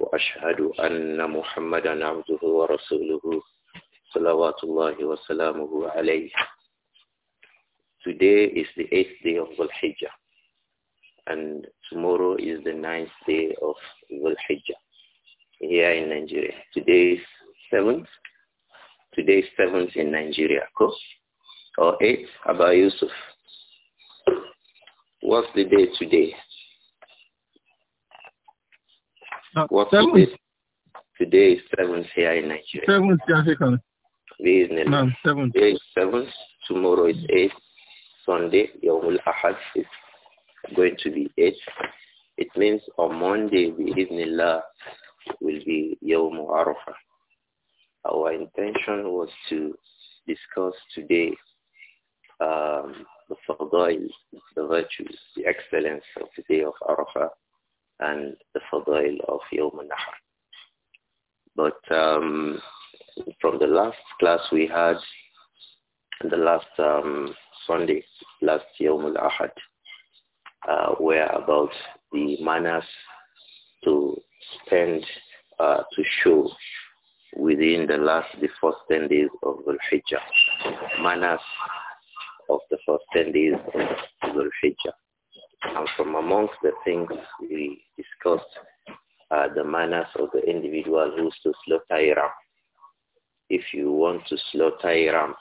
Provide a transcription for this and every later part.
وأشهد أن محمدا عبده ورسوله صلوات الله وسلامه عليه Today is the eighth day of Dhul-Hijjah and tomorrow is the ninth day of Dhul-Hijjah here in Nigeria. Today is seventh. Today is seventh in Nigeria, course. Or eighth, Abba Yusuf. What's the day today? Now, uh, what seventh, today, is seventh here in Nigeria. Seventh African. Today is no, seventh. Today is seventh. Tomorrow is eighth. Sunday, Yomul Ahad is going to be eighth. It means on Monday, the Bismillah, will be Yom Arafah. Our intention was to discuss today um, the fadail, the virtues, the excellence of the day of Arafah and the fadail of Yawm al-Nahr. But um, from the last class we had, the last um, Sunday, last Yawm al-Ahad, uh, were about the manners to spend, uh, to show within the last, the first 10 days of the hijjah Manners of the first 10 days of the hijjah and from amongst the things we discussed uh, the manners of the individual who is to slaughter a ram. If you want to slaughter a ram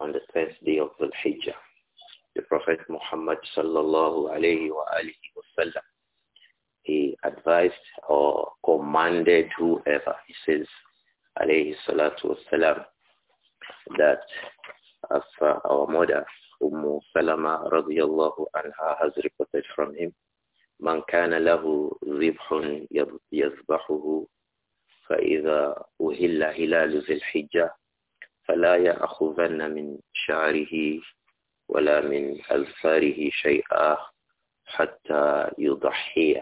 on the tenth day of the Hijjah, the Prophet Muhammad sallallahu alayhi wa alihi wasallam, he advised or commanded whoever, he says, alayhi salatu wasalam, that as uh, our mother Umm Salama radiallahu anha has reported from him, من كان له ذبح يذبحه فإذا أهل هلال ذي الحجة فلا يأخذن من شعره ولا من أذفاره شيئا حتى يضحي.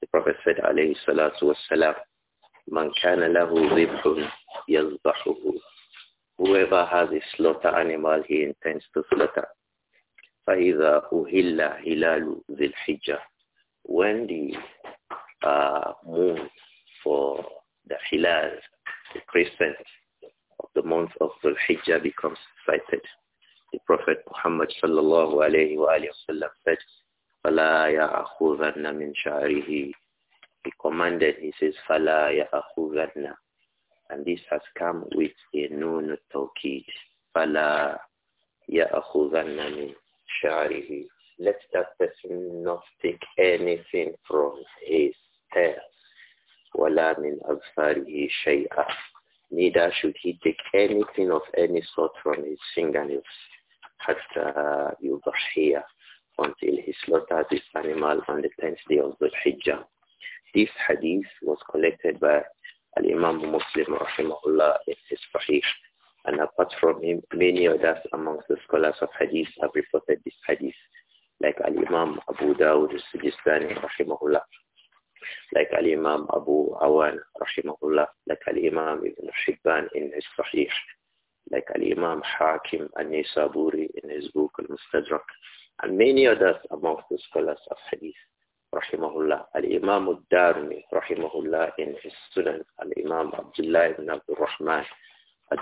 The Prophet said عليه الصلاة والسلام من كان له ذبح يذبحه Whoever has a slaughter animal he intends to slaughter. فَإِذَا أُهِلَّ هِلَالُ ذِي الْحِجَّةِ When the uh, moon for the hilal, the crescent of the month of the Hijjah becomes sighted. The Prophet Muhammad sallallahu alayhi wa sallam said, فَلَا يَأْخُذَنَّ مِنْ شَعْرِهِ He commanded, he says, فَلَا يَأْخُذَنَّ and this has come with a noon tawqid. فَلَا يَأْخُذَنَّ مِنْ شَعْرِهِ Let that person not take anything from his hair. وَلَا مِنْ أَظْفَارِهِ شَيْئًا Neither should he take anything of any sort from his fingernails. حَتَّى يُضَحِيَ Until he slaughters this animal on the tenth day of the Hijjah. This hadith was collected by Al-Imam Muslim rahimahullah in his Sahih. And apart from him, many others amongst the scholars of Hadith have reported this Hadith, like Al-Imam Abu Dawud al-Sijistani rahimahullah, like Al-Imam Abu Awan rahimahullah, like Al-Imam Ibn Hibban in his Sahih, like Al-Imam Hakim al-Nisaburi in his book Al-Mustadrak, and many others amongst the scholars of Hadith rahimahullah, Al-Imam al-Darmi, rahimahullah, in his student, Al-Imam Abdullah ibn Abdul Rahman al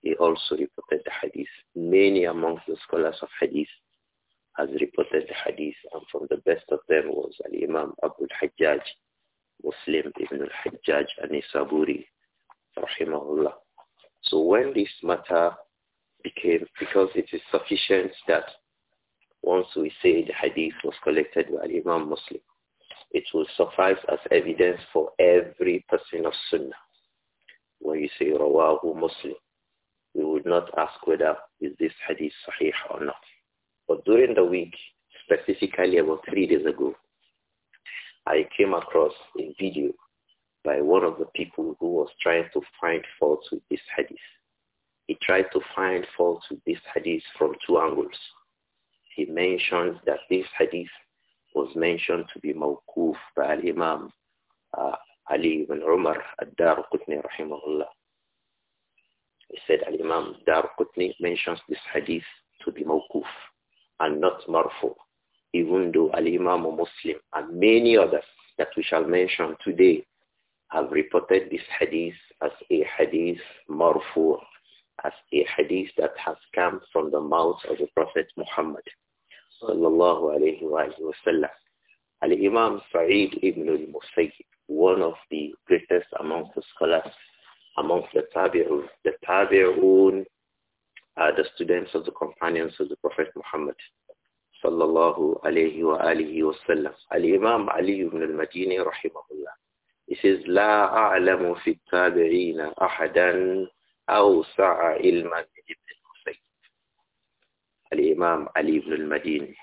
he also reported the hadith. Many amongst the scholars of hadith has reported the hadith, and from the best of them was Al-Imam Abu al-Hajjaj, Muslim ibn al-Hajjaj al-Nisaburi, rahimahullah. So when this matter became, because it is sufficient that once we say the hadith was collected by Imam Muslim. It will suffice as evidence for every person of Sunnah. When you say Rawahu Muslim, we would not ask whether is this hadith sahih or not. But during the week, specifically about three days ago, I came across a video by one of the people who was trying to find faults with this hadith. He tried to find faults with this hadith from two angles he mentions that this hadith was mentioned to be mawkuf by Imam uh, Ali ibn Umar al-Darqutni rahimahullah. He said Al-Imam Darqutni mentions this hadith to be mawkuf and not marfu, even though Al-Imam Muslim and many others that we shall mention today have reported this hadith as a hadith marfu as a hadith that has come from the mouth of the Prophet Muhammad sallallahu alayhi wa sallam. Al-Imam Sa'id ibn al-Musayyib, one of the greatest amongst the scholars, amongst the Tabi'un, the Tabi'un are the students of the companions of the Prophet Muhammad sallallahu alayhi wa alihi wa sallam. Al-Imam Ali ibn al-Madini rahimahullah. He says, "La a'lamu في التابعين أحدا الإمام علي بن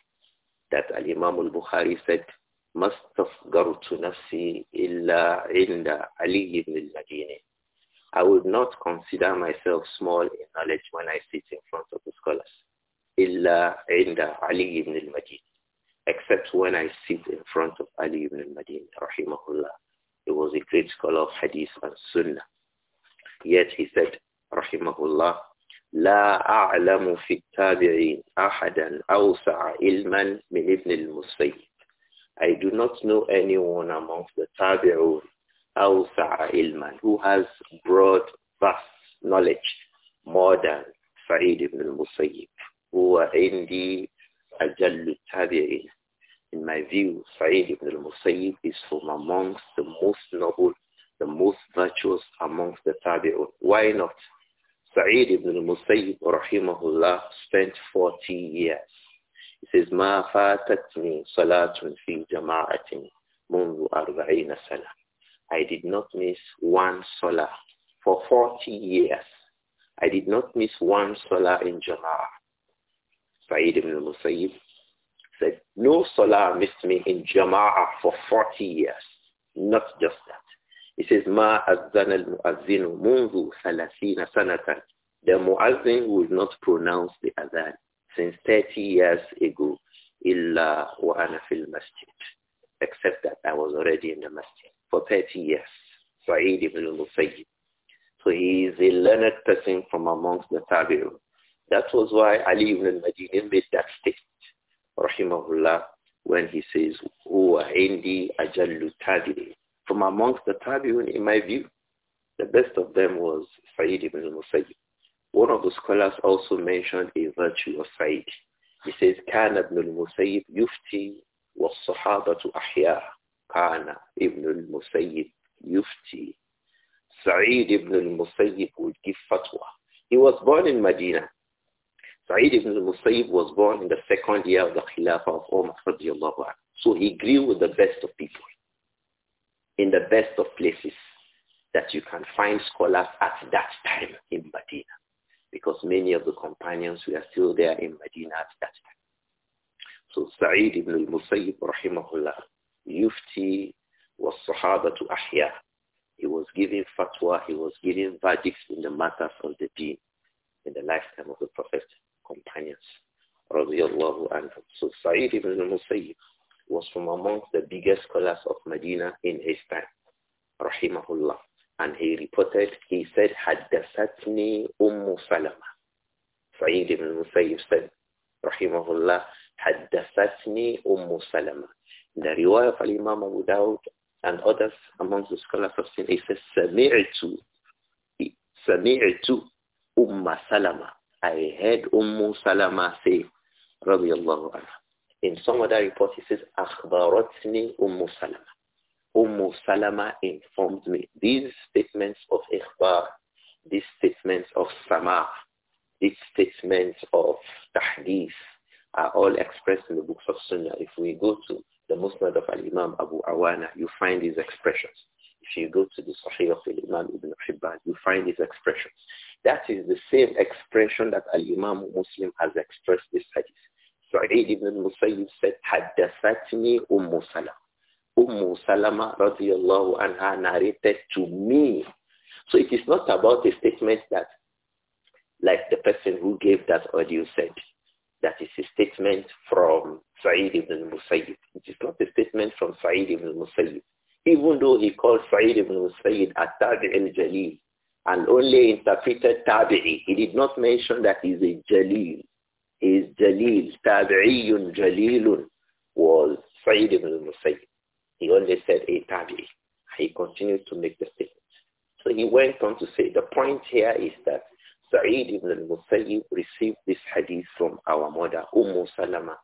that الإمام البخاري said ما نفسي إلا عند علي بن I would not consider myself small in knowledge when I sit in front of the scholars. إلا عند علي بن المديني except when I sit in front of Ali ibn al-Madini, rahimahullah. He was a great scholar of hadith and sunnah. Yet he said, رحمه الله لا أعلم في التابعين أحدا أوسع علما من ابن المسيب I do not know anyone amongst the tabi'un أوسع علما who has broad vast knowledge more than Sa'id ibn al-Musayyib who are in the أجل التابعين In my view, Sa'id ibn al-Musayyib is from amongst the most noble, the most virtuous amongst the tabi'un. Why not? Sa'id ibn al-Musayyib rahimahullah spent 40 years. He says, "Ma fata'tni salatun fi jam'aatin منذ أربعين سنة. I did not miss one salah for 40 years. I did not miss one salah in Jama'ah. Sa'id ibn al-Musayyib said, no salah missed me in Jama'ah for 40 years. Not just that. He says, Ma azan al muazzinu munzu salasina sanatan. The muazzin would not pronounce the Azan since 30 years ago. Illa wa ana fil masjid. Except that I was already in the masjid for 30 years. Sa'id ibn al-Musayyib. So he is a learned person from amongst the Tabi'un. That was why Ali ibn al-Madini made that statement, rahimahullah, when he says, Huwa indi ajallu tabi'in. From amongst the Tabi'un, in my view, the best of them was Sa'id ibn al-Musayyib. One of the scholars also mentioned a virtue of Sa'id. He says, كان ابن المسيب يفتي والصحابة أحياء. كان ابن المسيب يفتي. Sa'id ibn al-Musayyib would give fatwa. He was born in Medina. Sa'id ibn al-Musayyib was born in the second year of the Khilafah of Umar So he grew with the best of people in the best of places that you can find scholars at that time in Medina because many of the companions were still there in Medina at that time. So Sa'id ibn al-Musayyib rahimahullah, yufti was to ahya. He was giving fatwa, he was giving verdicts in the matters of the deen in the lifetime of the Prophet companions. So Sa'id ibn al-Musayyib was from amongst the biggest scholars of Medina in his time, rahimahullah. And he reported, he said, حدثتني أم سلمة. سعيد بن Musayyib said, rahimahullah, الله, حدثتني أم سلمة. The riwayah of Imam Abu Dawud and others amongst the scholars of sin, he says, سمعت سمعت أم سلمة. I heard Umm Salama say, رضي الله عنها. In some other reports, he says, Akhbaratni Ummu Salama. Ummu Salama informed me. These statements of Ikhbar, these statements of Sama, these statements of Tahdith are all expressed in the books of Sunnah. If we go to the Musnad of Al-Imam Abu Awana, you find these expressions. If you go to the Sahih of Al-Imam Ibn Hibban, you find these expressions. That is the same expression that Al-Imam Muslim has expressed this hadith. Sa'id ibn Musayyib said, Haddathatni Umm Salama. Umm Salama radiallahu anha narrated to me. So it is not about a statement that, like the person who gave that audio said, that is a statement from Sa'id ibn Musayyib. It is not a statement from Sa'id ibn Musayyib. Even though he called Sa'id ibn Musayyib a Tabi' jalil and only interpreted Tabi'i, he did not mention that he is a Jalil is Jalil, Tabi'iyun Jalilun, was Sa'id ibn al-Musayyib. He only said a Tabi'i. He continued to make the statement. So he went on to say, the point here is that Sa'id ibn al-Musayyib received this hadith from our mother, Ummu Salama,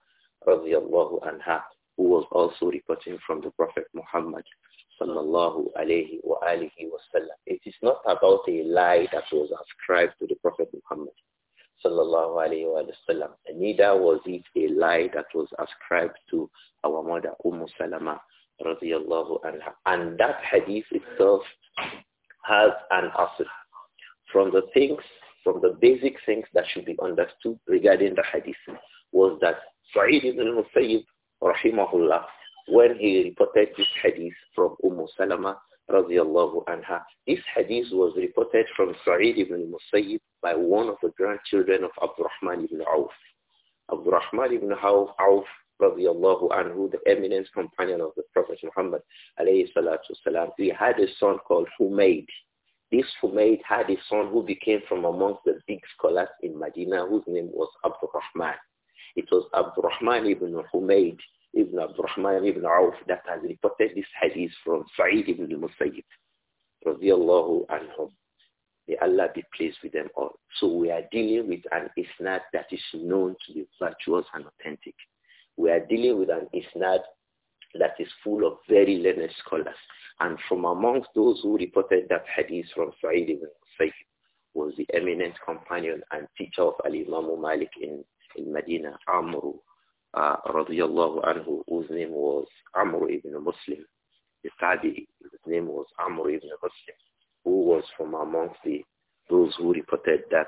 radiallahu anha, who was also reporting from the Prophet Muhammad, sallallahu alayhi wa alihi wasallam. It is not about a lie that was ascribed to the Prophet Muhammad, sallallahu alayhi wa sallam. And neither was it a lie that was ascribed to our mother Umm Salama radiallahu anha. And that hadith itself has an asl. From the things, from the basic things that should be understood regarding the hadith was that Sa'id ibn al-Musayyib rahimahullah, when he reported this hadith from Umm Salama radiallahu anha. This hadith was reported from Sa'id ibn Musayyib by one of the grandchildren of Abdurrahman ibn Auf. Abdurrahman ibn Auf, Auf radiallahu anhu, the eminent companion of the Prophet Muhammad alayhi salatu salam, he had a son called Humaid. This Humaid had a son who became from amongst the big scholars in Medina whose name was Abdurrahman. It was Abdurrahman ibn Humaid. Ibn Abdurrahman ibn Auf that has reported this hadith from Sa'id ibn al-Musayyib radiallahu anhum. May Allah be pleased with them all. So we are dealing with an isnad that is known to be virtuous and authentic. We are dealing with an isnad that is full of very learned scholars. And from amongst those who reported that hadith from Sa'id ibn Sayyid was the eminent companion and teacher of Al-Imam Malik in, in Medina, Amru radiallahu anhu, whose name was Amr ibn Muslim. The Tabi, his name was Amr ibn Muslim, who was from amongst the, those who reported that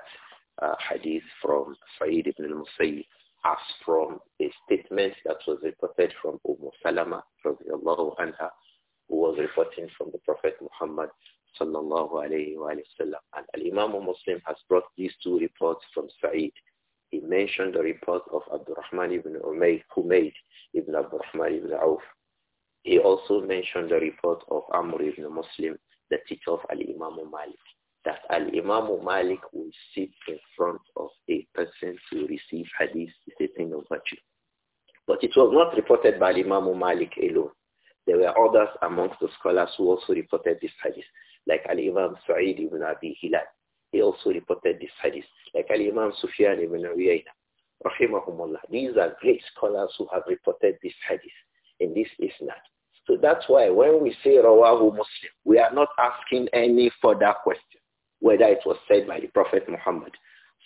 uh, hadith from Sa'id ibn al-Musayyib as from a statement that was reported from Umm Salama, radiallahu anha, who was reporting from the Prophet Muhammad sallallahu alayhi wa sallam. And Al-Imam Muslim has brought these two reports from Sa'id he mentioned the report of Abdurrahman ibn Umayy, made ibn Abdurrahman ibn Auf. He also mentioned the report of Amr ibn Muslim, the teacher of Al-Imam Malik, that Al-Imam Malik will sit in front of a person to receive hadith is a thing of virtue. But it was not reported by Imam Malik alone. There were others amongst the scholars who also reported this hadith, like Al-Imam Sa'id ibn Abi Hilal. He also reported this hadith, like Al-Imam Sufyan ibn Uyayna. Rahimahumullah. These are great scholars who have reported this hadith in this isnad. So that's why when we say Rawahu Muslim, we are not asking any further question, whether it was said by the Prophet Muhammad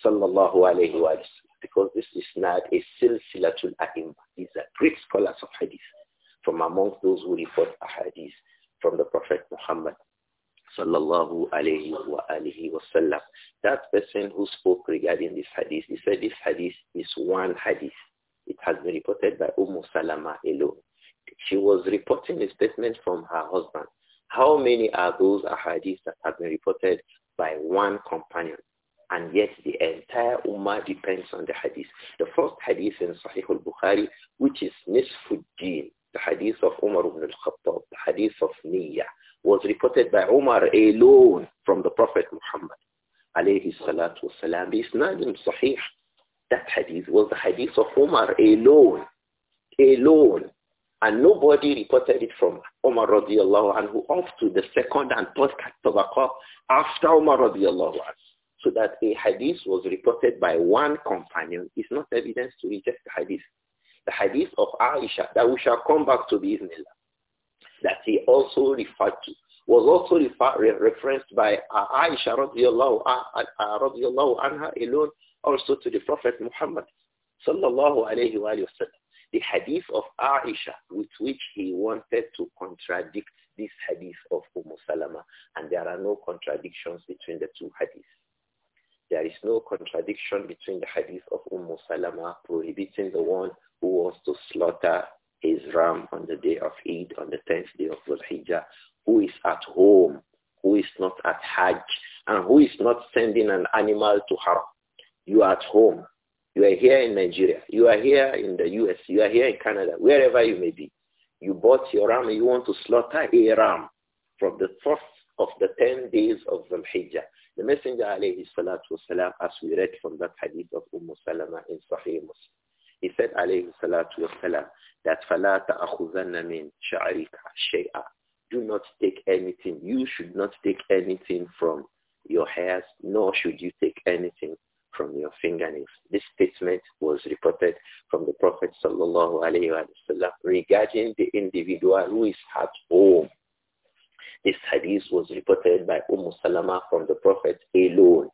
sallallahu alayhi Wasallam, because this is not a silsilatul a'imma. These are great scholars of hadith from amongst those who report a hadith from the Prophet Muhammad sallallahu alayhi wa alihi That person who spoke regarding this hadith, he said this hadith is one hadith. It has been reported by Umm Salama alone. She was reporting a statement from her husband. How many are those hadiths that have been reported by one companion? and yet the entire ummah depends on the hadith. The first hadith in Sahih al-Bukhari, which is Nisfuddin, the hadith of Umar ibn al-Khattab, the hadith of Niyyah, was reported by Umar alone from the Prophet Muhammad alayhi salatu wasalam. Isnadin sahih. That hadith was the hadith of Umar alone, alone. And nobody reported it from Umar radiallahu anhu off to the second and third tabaqah after Umar radiallahu anhu. So that a hadith was reported by one companion is not evidence to reject the hadith. The hadith of Aisha that we shall come back to the Bismillah that he also referred to was also referred, referenced by uh, Aisha radiallahu anha alone also to the Prophet Muhammad sallallahu alayhi wa sallam. The hadith of Aisha with which he wanted to contradict this hadith of Umm Salama and there are no contradictions between the two hadiths. There is no contradiction between the hadith of Umm Salama prohibiting the one who wants to slaughter his ram on the day of Eid, on the 10th day of Dhul Hijjah, who is at home, who is not at Hajj, and who is not sending an animal to Haram. You are at home. You are here in Nigeria. You are here in the US. You are here in Canada, wherever you may be. You bought your ram and you want to slaughter a ram from the first of the 10 days of Dhul Hijjah. The Messenger, alayhi salatu wasalam, as we read from that hadith of Umm Salama in Sahih Muslim, he said, alayhi salatu wasalam, that فَلَا تَأْخُذَنَّ مِنْ شَعْرِكَ شَيْئًا Do not take anything. You should not take anything from your hairs, nor should you take anything from your fingernails. This statement was reported from the Prophet sallallahu alaihi wasallam regarding the individual who is at home. This hadith was reported by Umm Salama from the Prophet alone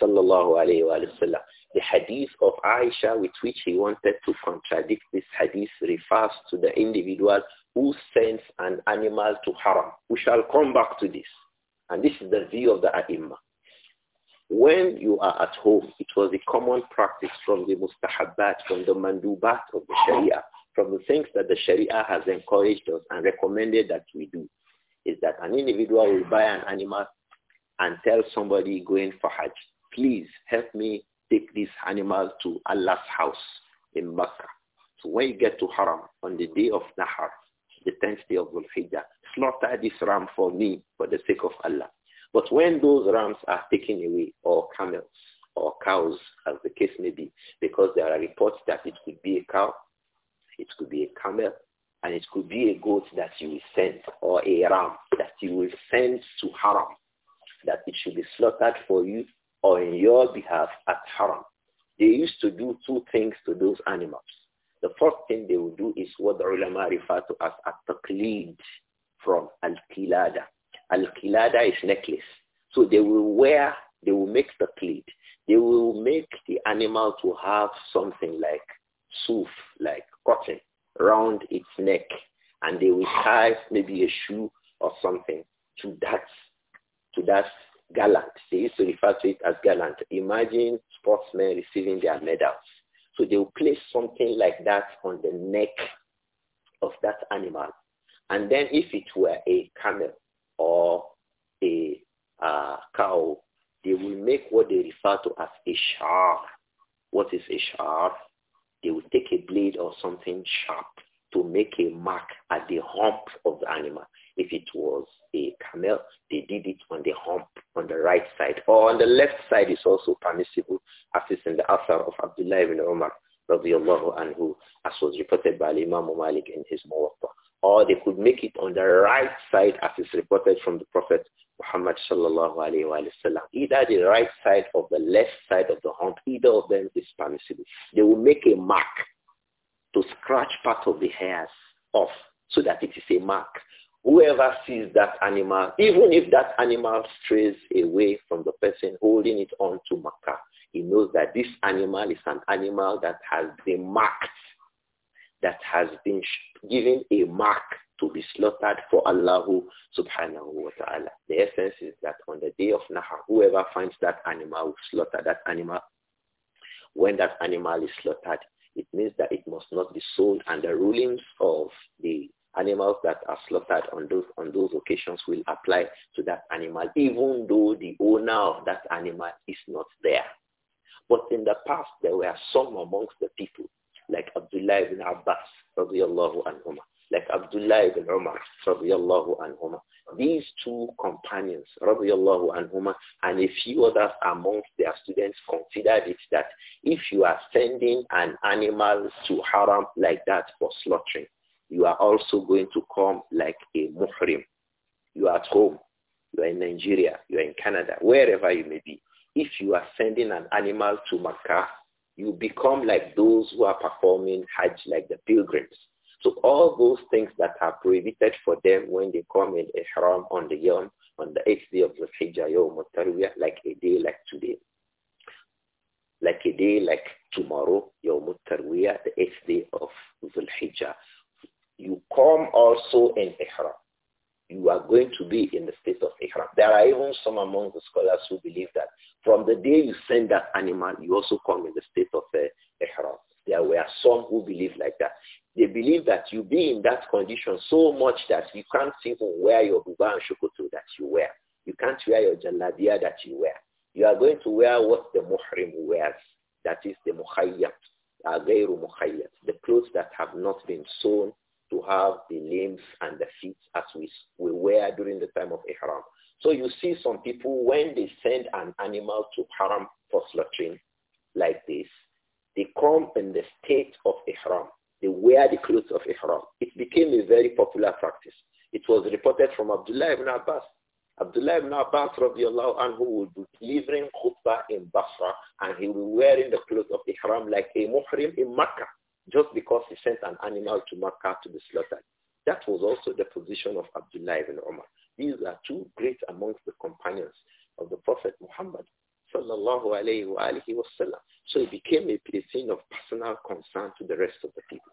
sallallahu alaihi wasallam. The hadith of Aisha with which he wanted to contradict this hadith refers to the individual who sends an animal to haram. We shall come back to this. And this is the view of the ai When you are at home, it was a common practice from the mustahabbat, from the mandubat of the sharia, from the things that the sharia has encouraged us and recommended that we do, is that an individual will buy an animal and tell somebody going for Hajj, please help me take this animal to Allah's house in Makkah. So when you get to Haram on the day of Nahar, the 10th day of al hijjah slaughter this ram for me for the sake of Allah. But when those rams are taken away or camels or cows as the case may be, because there are reports that it could be a cow, it could be a camel, and it could be a goat that you will send or a ram that you will send to Haram that it should be slaughtered for you on your behalf at haram. They used to do two things to those animals. The first thing they would do is what the ulama refer to as a taqlid from al-kilada. Al-kilada is necklace. So they will wear, they will make the taqlid. They will make the animal to have something like soof, like cotton, round its neck. And they will tie maybe a shoe or something to that, to that gallant. They used to refer to it as gallant. Imagine sportsmen receiving their medals. So they will place something like that on the neck of that animal. And then if it were a camel or a uh, cow, they will make what they refer to as a shar. What is a shar? They will take a blade or something sharp to make a mark at the hump of the animal. If it was a camel, they did it on the hump on the right side or on the left side is also permissible as is in the Asar of Abdullah ibn Umar radiallahu anhu as was reported by Imam Malik in his Muwatta. Or they could make it on the right side as is reported from the Prophet Muhammad sallallahu alayhi wa sallam. Either the right side or the left side of the hump, either of them is permissible. They will make a mark to scratch part of the hairs off so that it is a mark. Whoever sees that animal, even if that animal strays away from the person holding it on to Makkah, he knows that this animal is an animal that has been marked, that has been given a mark to be slaughtered for Allah subhanahu wa ta'ala. The essence is that on the day of Nahar, whoever finds that animal will slaughter that animal. When that animal is slaughtered, it means that it must not be sold and the rulings of the animals that are slaughtered on those, on those occasions will apply to that animal, even though the owner of that animal is not there. But in the past, there were some amongst the people, like Abdullah ibn Abbas, radiallahu anhuma, like Abdullah ibn Umar, radiallahu anhuma. These two companions, radiallahu and a few others amongst their students considered it that if you are sending an animal to haram like that for slaughtering, you are also going to come like a muhrim. You are at home. You are in Nigeria. You are in Canada. Wherever you may be. If you are sending an animal to Makkah, you become like those who are performing Hajj, like the pilgrims. So all those things that are prohibited for them when they come in Ihram on the Yom, on the eighth day of the Hijjah, Yom like a day like today. Like a day like tomorrow, Yom Tarwiyah, the eighth day of the Hijjah. You come also in Ihram. You are going to be in the state of Ihram. There are even some among the scholars who believe that from the day you send that animal, you also come in the state of uh, Ihram. There were some who believe like that. They believe that you be in that condition so much that you can't even wear your buba and that you wear. You can't wear your jalabiya that you wear. You are going to wear what the muhrim wears. That is the mukhayyat, uh, the clothes that have not been sewn to have the limbs and the feet as we, we wear during the time of Ihram. So you see some people, when they send an animal to Haram for slaughtering like this, they come in the state of Ihram. They wear the clothes of Ihram. It became a very popular practice. It was reported from Abdullah ibn Abbas. Abdullah ibn Abbas radiallahu anhu will be delivering khutbah in Basra and he will be wearing the clothes of Ihram like a muhrim in Makkah just because he sent an animal to Makkah to be slaughtered. That was also the position of Abdullah ibn Umar. These are two great amongst the companions of the Prophet Muhammad sallallahu wasallam. So it became a scene of personal concern to the rest of the people.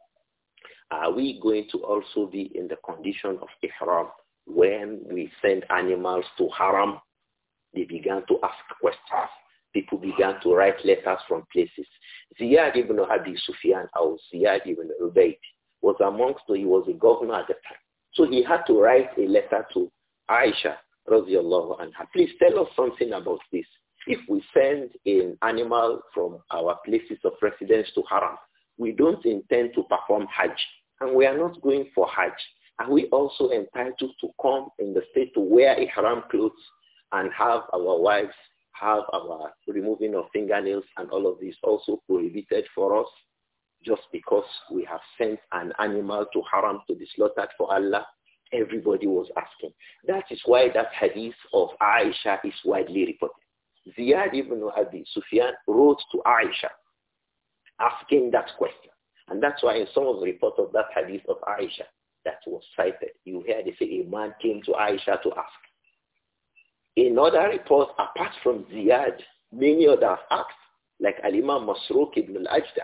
Are we going to also be in the condition of ihram when we send animals to haram? They began to ask questions. People began to write letters from places. Ziyad ibn Abi Sufyan or Ziyad ibn Ubaid was amongst, he was a governor at the time. So he had to write a letter to Aisha radiallahu anha. Please tell us something about this. If we send an animal from our places of residence to Haram, we don't intend to perform Hajj and we are not going for Hajj. Are we also entitled to come in the state to wear Ihram clothes and have our wives have our removing of fingernails and all of this also prohibited for us just because we have sent an animal to haram to be slaughtered for Allah? Everybody was asking. That is why that hadith of Aisha is widely reported. Ziyad ibn Abi Sufyan wrote to Aisha asking that question. And that's why in some of the reports of that hadith of Aisha that was cited, you hear they say a man came to Aisha to ask in other reports, apart from Ziyad, many others asked, like Alima imam Masruq ibn al-Ajda,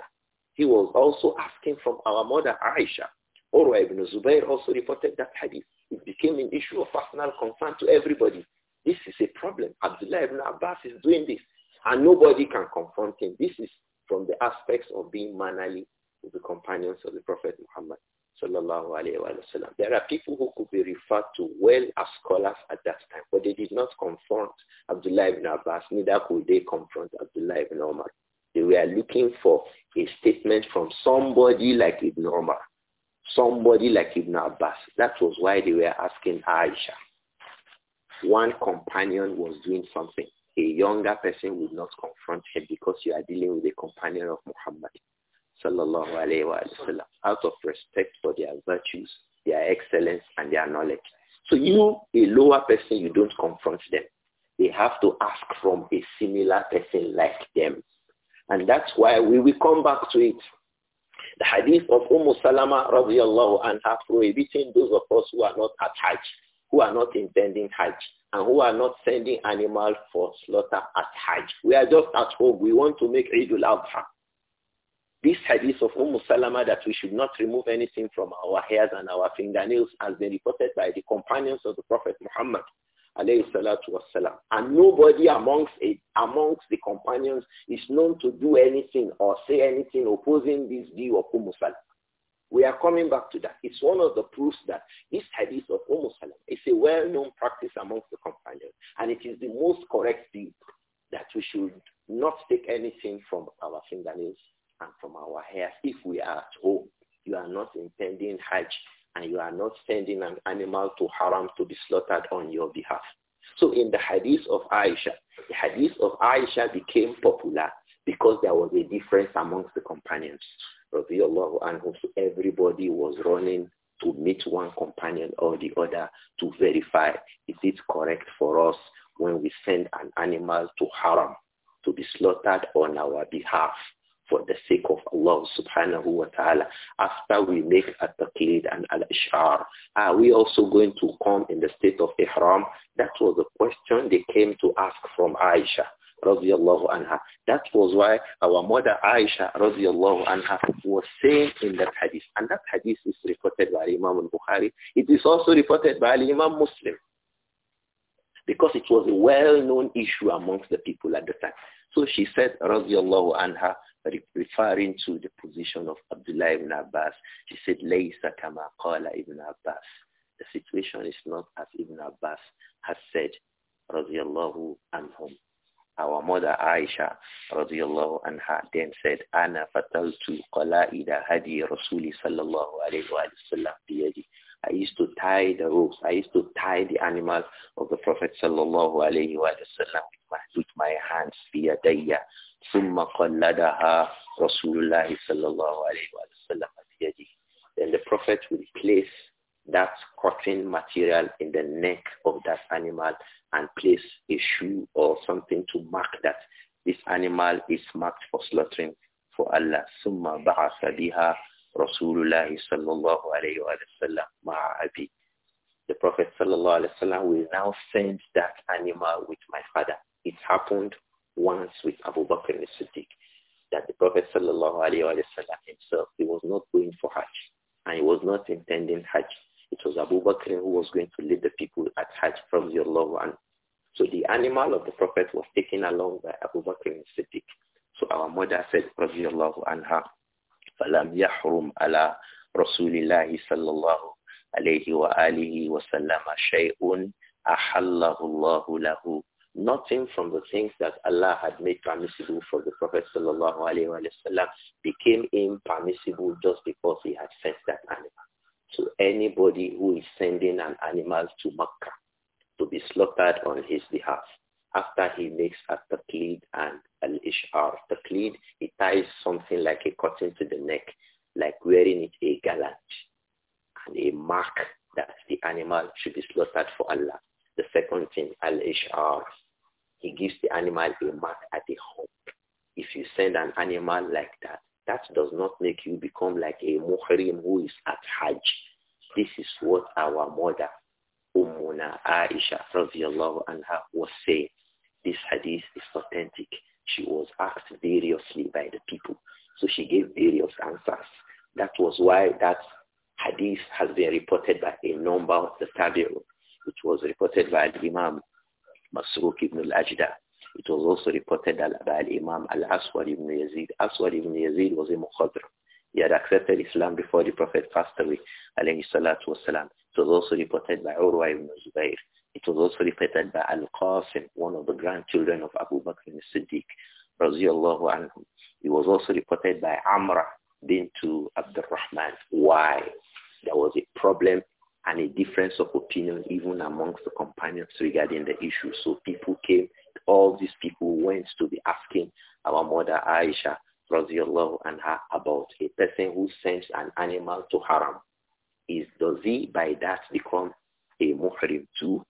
he was also asking from our mother Aisha. Urwa ibn Zubair also reported that hadith. It became an issue of personal concern to everybody. This is a problem. Abdullah ibn Abbas is doing this and nobody can confront him. This is from the aspects of being mannerly with the companions of the Prophet Muhammad sallallahu alayhi wa sallam. There are people who could be referred to well as scholars at that time, but they did not confront Abdullah ibn Abbas, neither could they confront Abdullah ibn Omar. They were looking for a statement from somebody like Ibn Omar, somebody like Ibn Abbas. That was why they were asking Aisha. One companion was doing something. A younger person would not confront him because you are dealing with a companion of Muhammad sallallahu alayhi wa sallam, out of respect for their virtues, their excellence, and their knowledge. So you, a lower person, you don't confront them. They have to ask from a similar person like them. And that's why we will come back to it. The hadith of Umm Salama radiallahu anha prohibiting those of us who are not at Hajj, who are not intending Hajj, and who are not sending animals for slaughter at Hajj. We are just at home. We want to make Eid al-Adha. This hadith of Umm Salama that we should not remove anything from our hairs and our fingernails has been reported by the companions of the Prophet Muhammad and nobody amongst, it, amongst the companions is known to do anything or say anything opposing this view of Umm Salama. We are coming back to that. It's one of the proofs that this hadith of Umm Salama is a well-known practice amongst the companions. And it is the most correct view that we should not take anything from our fingernails and from our hairs if we are at home. You are not intending Hajj and you are not sending an animal to haram to be slaughtered on your behalf. So in the hadith of Aisha, the hadith of Aisha became popular because there was a difference amongst the companions. And so everybody was running to meet one companion or the other to verify is it correct for us when we send an animal to haram to be slaughtered on our behalf for the sake of Allah subhanahu wa ta'ala after we make a taqlid and al-ish'ar? Are we also going to come in the state of ihram? That was the question they came to ask from Aisha radiallahu anha. That was why our mother Aisha radiallahu anha was saying in that hadith. And that hadith is reported by Imam al-Bukhari. It is also reported by Imam Muslim because it was a well-known issue amongst the people at the time. So she said, radiallahu anha, referring to the position of Abdullah ibn Abbas, he said, Laysa kama qala ibn Abbas. The situation is not as Ibn Abbas has said, radiallahu anhum. Our mother Aisha, radiallahu anha, then said, Ana fataltu qala'ida hadi rasuli sallallahu alayhi wa sallam biyadi. I used to tie the ropes, I used to tie the animals of the Prophet sallallahu alayhi wa sallam with my, with my hands, biyadayya, ثم قلدها رسول الله صلى الله عليه وسلم Then the Prophet will place that cotton material in the neck of that animal and place a shoe or something to mark that this animal is marked for slaughtering for Allah. ثم بعث بها رسول الله صلى الله عليه وسلم مع أبي. The Prophet sallallahu alaihi wasallam will now send that animal with my father. It happened once with Abu Bakr al-Siddiq that the Prophet sallallahu wasallam himself, he was not going for Hajj and he was not intending Hajj. It was Abu Bakr who was going to lead the people at Hajj from your love and so the animal of the Prophet was taken along by Abu Bakr al-Siddiq. So our mother said, Radiallahu anha, فَلَمْ يَحْرُمْ عَلَى رَسُولِ اللَّهِ صَلَّى اللَّهُ عَلَيْهِ وَآلِهِ وَسَلَّمَ شَيْءٌ أَحَلَّهُ اللَّهُ لَهُ nothing from the things that Allah had made permissible for the Prophet sallallahu alaihi wasallam became impermissible just because he had sent that animal. So anybody who is sending an animal to Makkah to be slaughtered on his behalf after he makes a taqlid and al-ish'ar. Taqlid, he ties something like a cotton to the neck, like wearing it a galant and a mark that the animal should be slaughtered for Allah. The second thing, al-ish'ar, he gives the animal a mark at the hump. If you send an animal like that, that does not make you become like a muhrim who is at Hajj. This is what our mother, Ummuna Aisha, radiallahu anha, was saying. This hadith is authentic. She was asked variously by the people. So she gave various answers. That was why that hadith has been reported by a number of the tabi'un. It was reported by Imam Masruq ibn al-Ajda. It was also reported by Imam al-Aswad ibn Yazid. Aswad ibn Yazid was a Mukhadr. He had accepted Islam before the Prophet passed away, alayhi salatu wasalam. It was also reported by Urwa ibn Zubayr. It was also reported by Al-Qasim, one of the grandchildren of Abu Bakr as-Siddiq, radiallahu anhu. It was also reported by Amra to Abdurrahman. Why? There was a problem and a difference of opinion even amongst the companions regarding the issue. So people came, all these people went to be asking our mother Aisha and her about a person who sends an animal to haram. Is, does he by that become a muhrim too?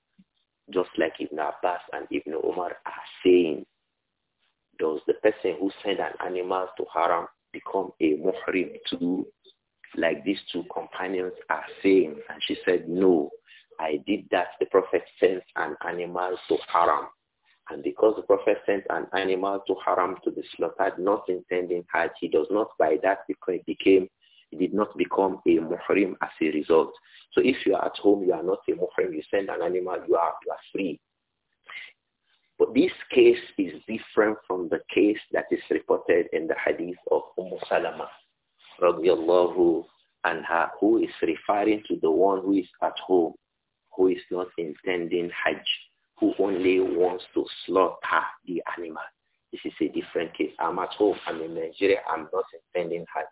Just like Ibn Abbas and Ibn Omar are saying, does the person who sends an animal to haram become a muhrim too? like these two companions are saying. And she said, no, I did that. The Prophet sent an animal to Haram. And because the Prophet sent an animal to Haram to be slaughtered, not intending Hajj, he does not by that become, he did not become a muhrim as a result. So if you are at home, you are not a muhrim, you send an animal, you are, you are free. But this case is different from the case that is reported in the hadith of Umm Salamah radiallahu anha, who is referring to the one who is at home, who is not intending Hajj, who only wants to slaughter the animal. This is a different case. I'm at home. I'm in Nigeria. I'm not intending Hajj.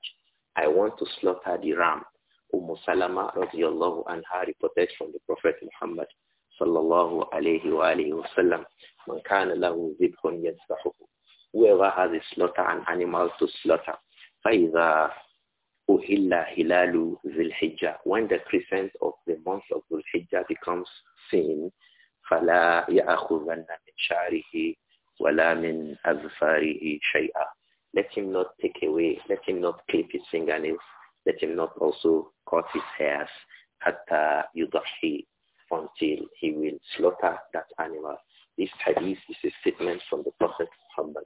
I want to slaughter the ram. Umm Salama radiallahu anha reported from the Prophet Muhammad sallallahu alayhi wa alayhi wa sallam. Man kana lahu zibhun yazahuhu. Whoever has a slaughter, an animal to slaughter. فَإِذَا Uhilla Hilalu Zilhijjah. When the crescent of the month of Zulhijjah becomes seen, فَلَا يَأْخُذَنَّ شَعْرِهِ وَلَا مِنْ أَظْفَارِهِ شَيْئًا Let him not take away, let him not clip his fingernails, let him not also cut his hairs, حَتَّى يُضَحِي until he will slaughter that animal. This hadith is a statement from the Prophet Muhammad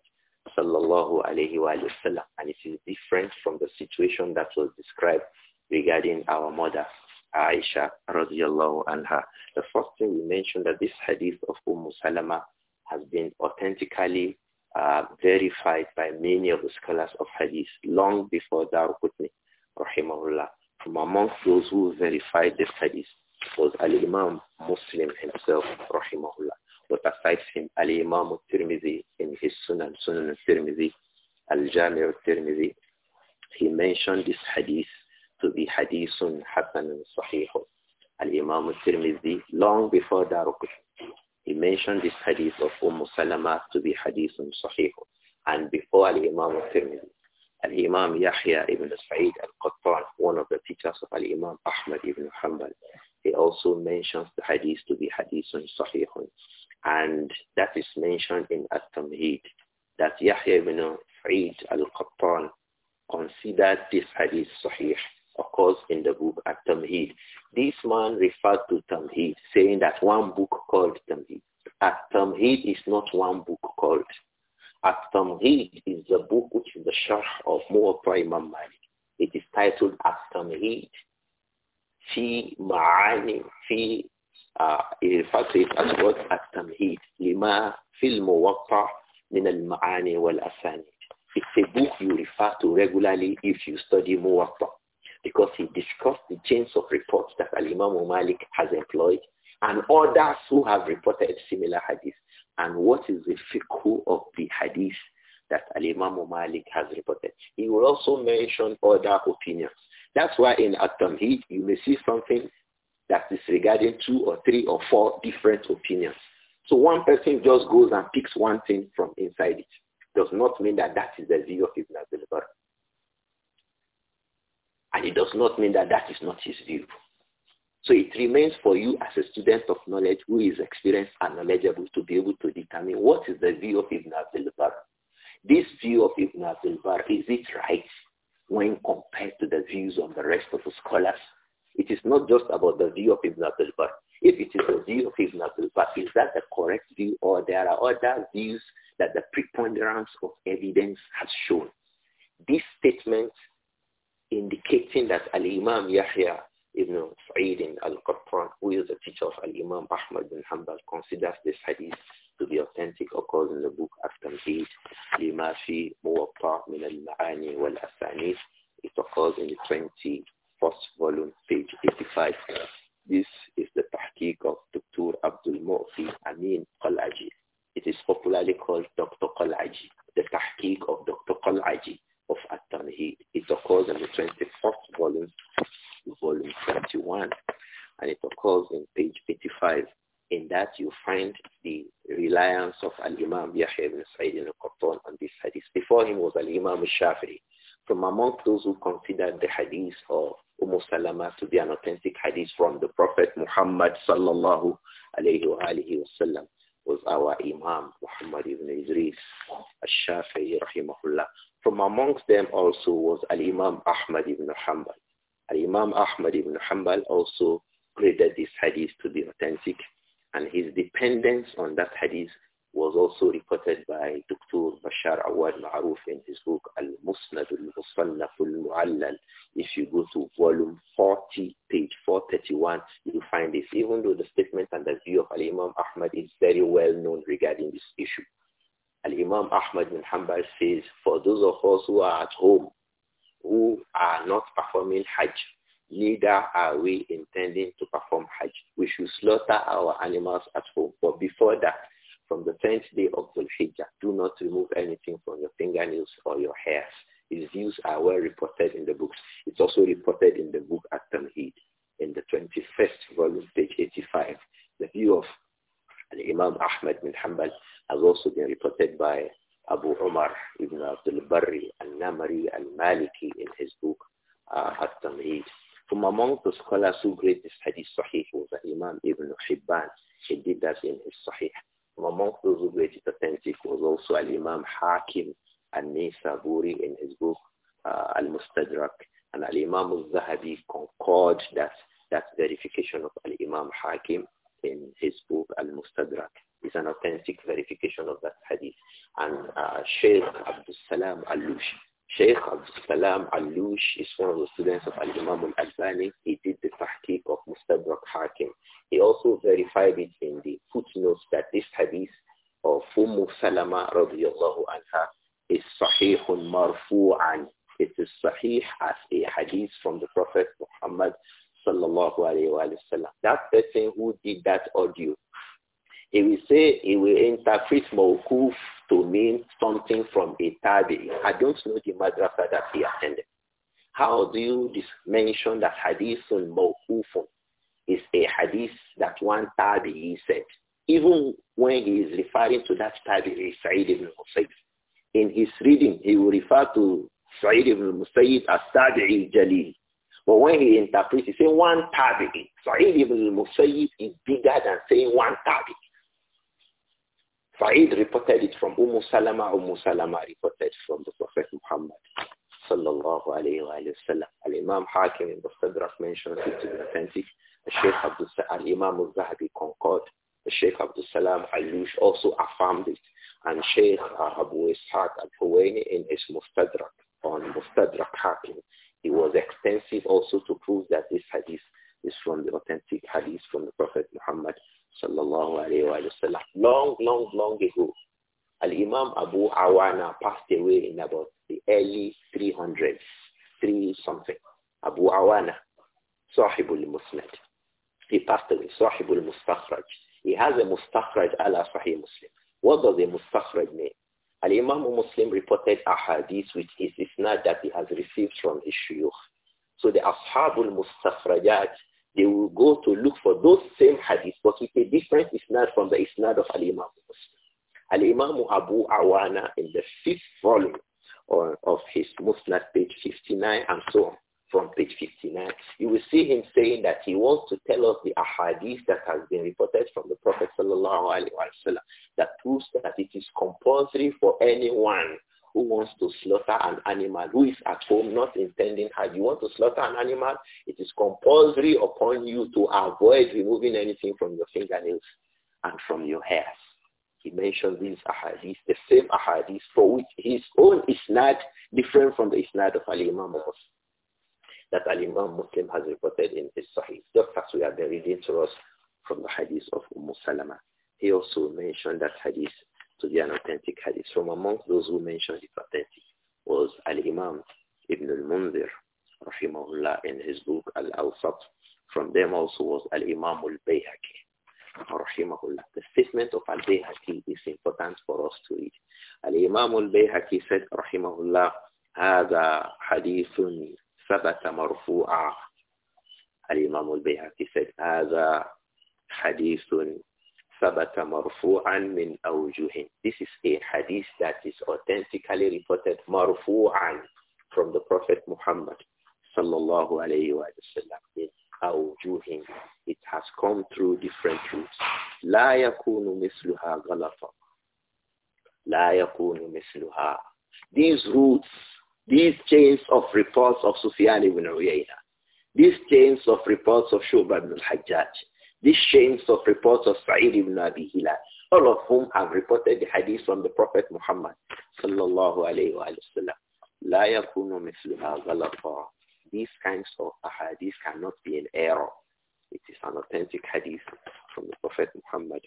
sallallahu alayhi wa sallam. And it is different from the situation that was described regarding our mother, Aisha radiallahu anha. The first thing we mentioned that this hadith of Umm Salama has been authentically uh, verified by many of the scholars of hadith long before Dar Daruqutni, rahimahullah. From amongst those who verified this hadith was Al-Imam Muslim himself, rahimahullah. But aside him, Al-Imam al-Tirmidhi, his Sunan, Sunan al-Tirmidhi, Al-Jami al-Tirmidhi, he mentioned this hadith to be hadithun hasanun sahihun. Al-Imam al-Tirmidhi, long before Daruqutni, he mentioned this hadith of Umm Salama to be hadithun sahihun. And before Al-Imam al-Tirmidhi, Al-Imam Yahya ibn Sa'id al-Qattan, one of the teachers of Al-Imam Ahmad ibn Hanbal, he also mentions the hadith to be hadithun sahihun. And that is mentioned in at tamhid that Yahya ibn Sa'id al-Qattan considered this hadith sahih course, in the book at tamhid This man referred to Tamhid, saying that one book called Tamhid. at tamhid is not one book called. at tamhid is the book which is the Sharh of Muwatta Imam Malik. It is titled at tamhid fi ma'ani fi uh, referred to as what? At-Tamheed. Lima fil muwatta min al-ma'ani wal-asanid. It's a book you refer to regularly if you study muwatta because he discussed the chains of reports that Al-Imam Malik has employed and others who have reported similar hadith and what is the fiqh of the hadith that Al-Imam Malik has reported. He will also mention other opinions. That's why in At-Tamheed you may see something that is regarding two or three or four different opinions. So one person just goes and picks one thing from inside it. Does not mean that that is the view of Ibn Abdul Bar. And it does not mean that that is not his view. So it remains for you as a student of knowledge who is experienced and knowledgeable to be able to determine what is the view of Ibn Abdul Bar. This view of Ibn Abdul Bar, is it right when compared to the views of the rest of the scholars it is not just about the view of Ibn Abdul Bar. If it is the view of Ibn Abdul Bar, is that the correct view or there are other views that the preponderance of evidence has shown? This statement indicating that Al-Imam Yahya Ibn Sa'id Al-Qattan, who is the teacher of Al-Imam Ahmad bin Hanbal, considers this hadith to be authentic occurs in the book At-Tamhid lima fi muwatta min al-ma'ani wal-asanid. It occurs in the 20 first volume, page 85. This is the tahqiq of Dr. Abdul Mu'fi Amin Qalaji. It is popularly called Dr. Qalaji, the tahqiq of Dr. Qalaji of at It occurs in the 21st volume, volume 21, and it occurs in page 85. In that you find the reliance of Al-Imam Yahya ibn Sa'id al qurtan on this hadith. Before him was Al-Imam al-Shafi'i. From among those who considered the hadith of Umm to be an authentic hadith from the Prophet Muhammad sallallahu alayhi wa alihi wasallam was our Imam Muhammad ibn Idris al-Shafi'i rahimahullah. From amongst them also was al-Imam Ahmad ibn Hanbal. Al-Imam Ahmad ibn Hanbal also graded this hadith to be authentic and his dependence on that hadith was also reported by Dr. Bashar Awad Ma'aruf in his book Al-Musnad al-Musannaf al-Mu'allal. If you go to volume 40, page 431, you you'll find this, even though the statement and the view of Al-Imam Ahmad is very well known regarding this issue. Al-Imam Ahmad bin Hanbal says, for those of us who are at home, who are not performing Hajj, neither are we intending to perform Hajj. We should slaughter our animals at home. But before that, from the tenth day of the Hijjah, do not remove anything from your fingernails or your hairs. His views are well reported in the books. It's also reported in the book At-Tamhid in the 21st volume, page 85. The view of Imam Ahmad bin Hanbal has also been reported by Abu Umar ibn Abdul Barri al-Namari al-Maliki in his book uh, At-Tamhid. From among the scholars who grade this hadith sahih was Imam Ibn Hibban. He did that in his sahih. From amongst those who graded authentic was also Al-Imam Hakim An-Nisaburi in his book uh, Al-Mustadrak. And Al-Imam Al-Zahabi concurred that, that verification of Al-Imam Hakim in his book Al-Mustadrak. is an authentic verification of that hadith. And uh, Sheikh Abdul Salam Al-Lushi Sheikh Abdul Salam Alush is one of the students of Al-Imam Al-Albani. He did the tahqiq of Mustadrak Hakim. He also verified it in the footnotes that this hadith of Umm Salama radiallahu anha is sahihun marfu'an. It is sahih as a hadith from the Prophet Muhammad sallallahu alayhi wa sallam. That person who did that audio, he will say he will interpret mawkuf to mean something from a tabi. I don't know the madrasa that he attended. How do you mention that hadith on mawkufun is a hadith that one tabi said? Even when he is referring to that tabi, Sa'id ibn Musayyib. In his reading, he will refer to Sa'id ibn Musayyib as tabi'i jalil. But when he interprets, he says one Tabi. Sa'id ibn Musayyib is bigger than saying one Tabi. Sa'id reported it from Umm Salama, Umm Salama reported from the Prophet Muhammad sallallahu alayhi wa sallam. Al-Imam Hakim in the Sadrak mentions it to be authentic. The Sheikh Abdul Salam, Imam al-Zahabi concord. The Sheikh Abdul Salam Alush also affirmed it. And Sheikh uh, Abu Ishaq al-Huwaini in his Mustadrak on Mustadrak Hakim. He was extensive also to prove that this hadith is from the authentic hadith from the Prophet Muhammad sallallahu alayhi wa sallam. Long, long, long ago, Al-Imam Abu Awana passed away in about the early 300s, three something. Abu Awana, Sahibul Musnad. He passed away, Sahibul Mustakhraj. He has a Mustakhraj ala Sahih Muslim. What does a Mustakhraj mean? Al-Imam Muslim reported a hadith which is isnad that he has received from his shuyukh. So the Ashabul Mustakhrajat they will go to look for those same hadiths, but with a different isnad from the isnad of Al-Imam Al-Imam Abu Awana in the fifth volume of his Musnad, page 59 and so on, from page 59, you will see him saying that he wants to tell us the ahadith that has been reported from the Prophet sallallahu alaihi wasallam that proves that it is compulsory for anyone who wants to slaughter an animal, who is at home not intending hajj. You want to slaughter an animal, it is compulsory upon you to avoid removing anything from your fingernails and from your hairs. He mentioned these ahadith, the same ahadith for which his own not different from the isnad of Ali imam Muslim that Ali imam Muslim has reported in his Sahih, just as we are reading to us from the hadith of Umm Salama. He also mentioned that hadith to the authentic hadith. From among those who mentioned it authentic was Al-Imam Ibn al Mundhir, rahimahullah, in his book Al-Awsat. From them also was Al-Imam al-Bayhaqi, rahimahullah. The statement of al-Bayhaqi is important for us to read. Al-Imam al-Bayhaqi said, rahimahullah, هذا حديث ثبت مرفوعا الإمام البيهقي said هذا حديث ثبت مرفوعا من أوجه This is a hadith that is authentically reported مرفوعا from the Prophet Muhammad sallallahu alayhi wa sallam أوجه It has come through different routes لا يكون مثلها غلطا لا يكون مثلها These routes, these chains of reports of Sufyan ibn Uyayna, these chains of reports of Shubha ibn al-Hajjaj, these chains of reports of Sa'id ibn Abi Hila, all of whom have reported the hadith from the Prophet Muhammad sallallahu alayhi wa sallam. La yakunu These kinds of hadith cannot be an error. It is an authentic hadith from the Prophet Muhammad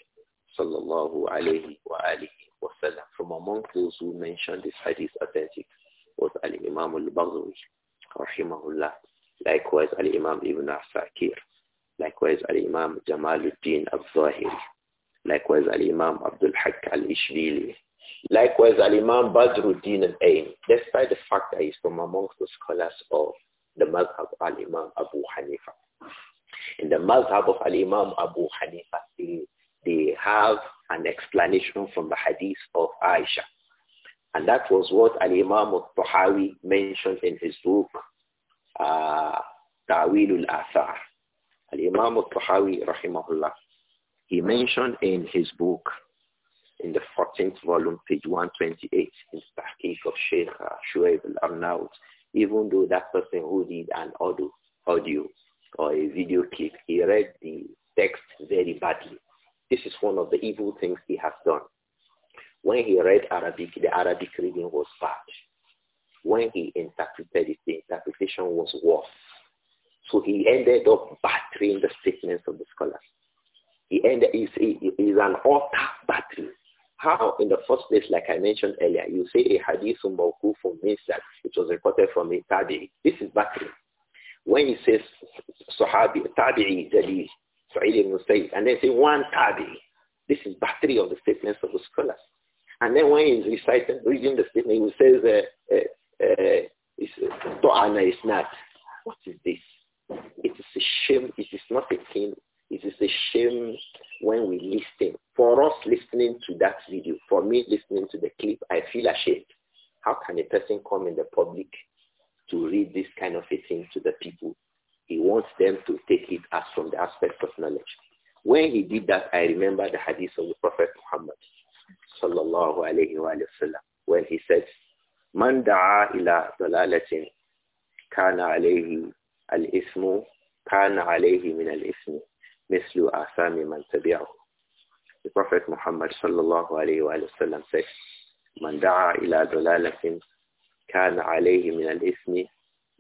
sallallahu alayhi wa alihi wa sallam. From among those who mentioned this hadith authentic was Al-Imam al-Baghawi rahimahullah. Likewise, Al-Imam Ibn al As Likewise, Al-Imam Jamaluddin al-Zahiri. Likewise, Al-Imam Abdul Haq al-Ishbili. Likewise, Al-Imam Badruddin al-Ain. Despite the fact that he's from amongst the scholars of the Mazhab Al-Imam Abu Hanifa. In the Mazhab of Al-Imam Abu Hanifa, they, they have an explanation from the Hadith of Aisha. And that was what Al-Imam al-Tahawi mentioned in his book, uh, Ta'wil al-Athar. Al-Imam al-Tahawi, rahimahullah, he mentioned in his book, in the 14th volume, page 128, in Tahqiq of Sheikh uh, Shuaib al-Arnaut, even though that person who did an audio, audio or a video clip, he read the text very badly. This is one of the evil things he has done. When he read Arabic, the Arabic reading was bad. When he interpreted it, the interpretation was worse. So he ended up battering the statements of the scholars. He ended, he's, he, he's an utter battering. How, in the first place, like I mentioned earlier, you say a hadith for means that it was reported from a tabi'i. This is battering. When he says sahabi, tabi'i, jadi, Sa'id ibn Sayyid, and then say one Tabi. this is battery of the statements of the scholars. And then when he's reciting, reading the statement, he says, uh, uh, uh, it's, uh, is not. What is this? It is a shame. It is not a sin. It is a shame when we listen. For us listening to that video, for me listening to the clip, I feel ashamed. How can a person come in the public to read this kind of a thing to the people? He wants them to take it as from the aspect of knowledge. When he did that, I remember the hadith of the Prophet Muhammad sallallahu alayhi wa sallam when he said, Man da'a ila dalalatin kana alayhi الإثم كان عليه من الإثم مثل آثام من تبعه The Prophet Muhammad sallallahu alayhi wa sallam said, من دعا إلى ضلالة كان عليه من الإثم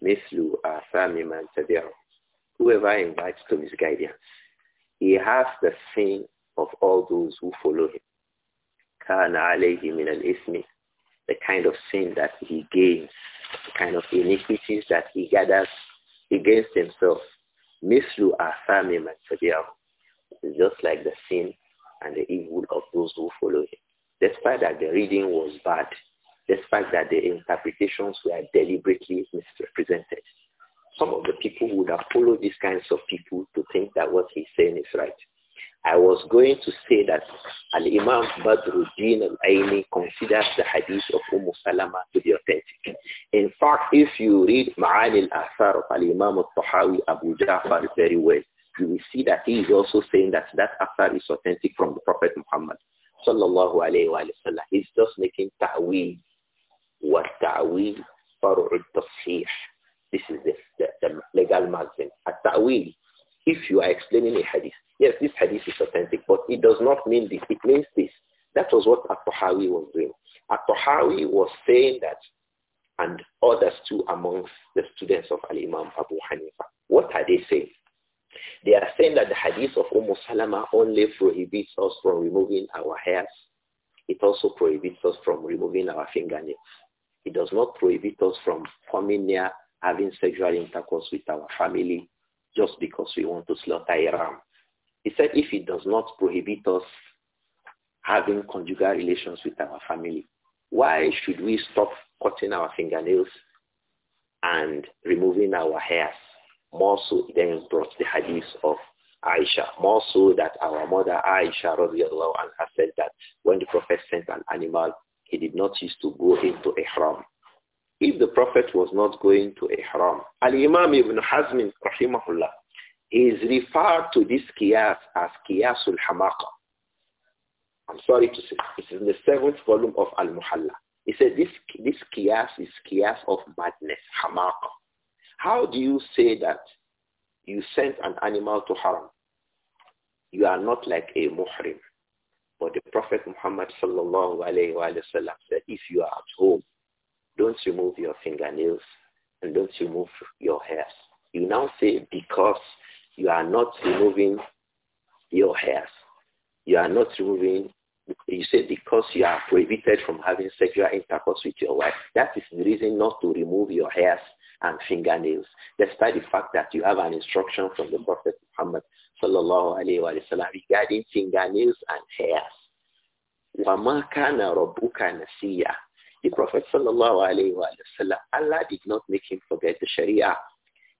مثل آثام من تبعه Whoever invites to misguidance, he has the sin of all those who follow him. كان عليه من الإثم The kind of sin that he gains, the kind of iniquities that he gathers against himself. our family and just like the sin and the evil of those who follow him. Despite that the reading was bad, despite that the interpretations were deliberately misrepresented, some of the people would have followed these kinds of people to think that what he's saying is right. I was going to say that Al-Imam Badruddin Al-Aini considers the hadith of Umm Salama to be authentic. In fact, if you read Ma'ani al-Athar of Al-Imam Al-Tahawi Abu Ja'far very well, you will see that he is also saying that that Athar is authentic from the Prophet Muhammad sallallahu alayhi wa sallam. He's just making ta'wil. What ta'wil? Faru'ud tafsir. This is the, the, the legal margin. ta'wil, if you are explaining a hadith, Yes, this hadith is authentic, but it does not mean this. It means this. That was what At-Tahawi was doing. At-Tahawi was saying that, and others too amongst the students of Al-Imam Abu Hanifa. What are they saying? They are saying that the hadith of Umm Salama only prohibits us from removing our hairs. It also prohibits us from removing our fingernails. It does not prohibit us from coming near having sexual intercourse with our family just because we want to slaughter a ram. He said if it does not prohibit us having conjugal relations with our family, why should we stop cutting our fingernails and removing our hairs? More so then brought the hadith of Aisha. More so that our mother Aisha radiallahu anha said that when the Prophet sent an animal, he did not choose to go into ihram. If the Prophet was not going to ihram, Al-Imam ibn Hazm rahimahullah, is referred to this qiyas as qiyasul hamaqa. I'm sorry to say, it's in the seventh volume of Al-Muhalla. He said this, this qiyas is qiyas of madness, hamaqa. How do you say that you sent an animal to haram? You are not like a muhrim. But the Prophet Muhammad sallallahu alayhi wa sallam said, if you are at home, don't remove your fingernails and don't remove your hairs. You now say, because you are not removing your hairs. You are not removing, you say because you are prohibited from having sexual intercourse with your wife. That is the reason not to remove your hairs and fingernails, despite the fact that you have an instruction from the Prophet Muhammad sallallahu alayhi wa sallam regarding fingernails and hairs. وَمَا كَانَ رَبُّكَ نَسِيًّا The Prophet sallallahu alayhi wa sallam, Allah did not make him forget the Sharia.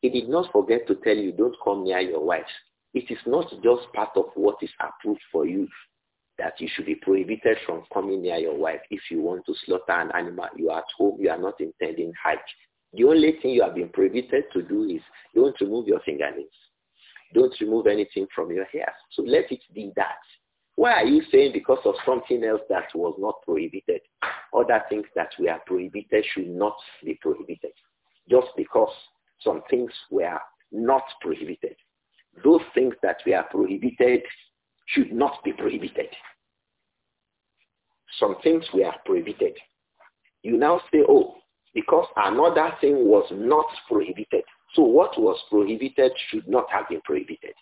He did not forget to tell you, don't come near your wives. It is not just part of what is approved for you that you should be prohibited from coming near your wife. If you want to slaughter an animal, you are at home, you are not intending hajj. The only thing you have been prohibited to do is don't remove your fingernails. Don't remove anything from your hair. So let it be that. Why are you saying because of something else that was not prohibited? Other things that we are prohibited should not be prohibited. Just because some things were not prohibited. Those things that were prohibited should not be prohibited. Some things were prohibited. You now say, oh, because another thing was not prohibited. So what was prohibited should not have been prohibited.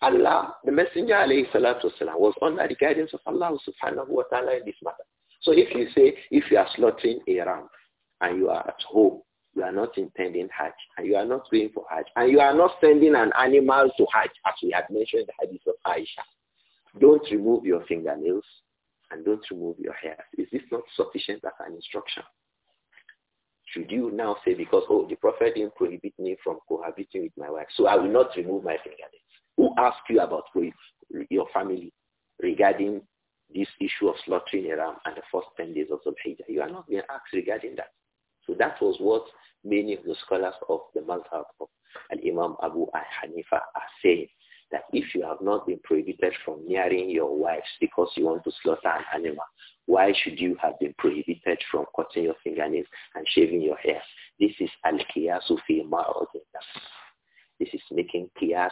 Allah, the Messenger alayhi salatu was under the guidance of Allah subhanahu wa ta'ala in this matter. So if you say, if you are slaughtering a ram and you are at home you are not intending Hajj, and you are not going for Hajj, and you are not sending an animal to Hajj, as we had mentioned the hadith of Aisha. Don't remove your fingernails and don't remove your hair. Is this not sufficient as an instruction? Should you now say, because, oh, the prophet didn't prohibit me from cohabiting with my wife, so I will not remove my fingernails. Who asked you about your family regarding this issue of slaughtering a ram and the first 10 days of Zulhijjah? You are not being asked regarding that. So that was what many of the scholars of the Mazhab of imam Abu al-Hanifa are saying, that if you have not been prohibited from marrying your wives because you want to slaughter an animal, why should you have been prohibited from cutting your fingernails and shaving your hair? This is al-kiyasu fi This is making kiyas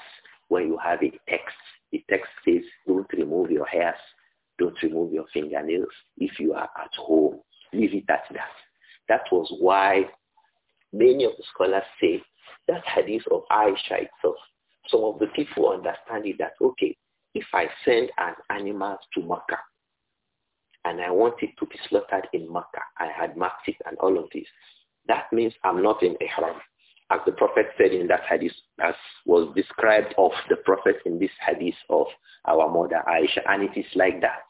when you have a text. The text says, don't remove your hairs, don't remove your fingernails if you are at home. Leave it at that. That was why many of the scholars say that hadith of Aisha itself, some of the people understand it that, okay, if I send an animal to Makkah and I want it to be slaughtered in Makkah, I had marked it and all of this, that means I'm not in Ihram. As the Prophet said in that hadith, as was described of the Prophet in this hadith of our mother Aisha, and it is like that.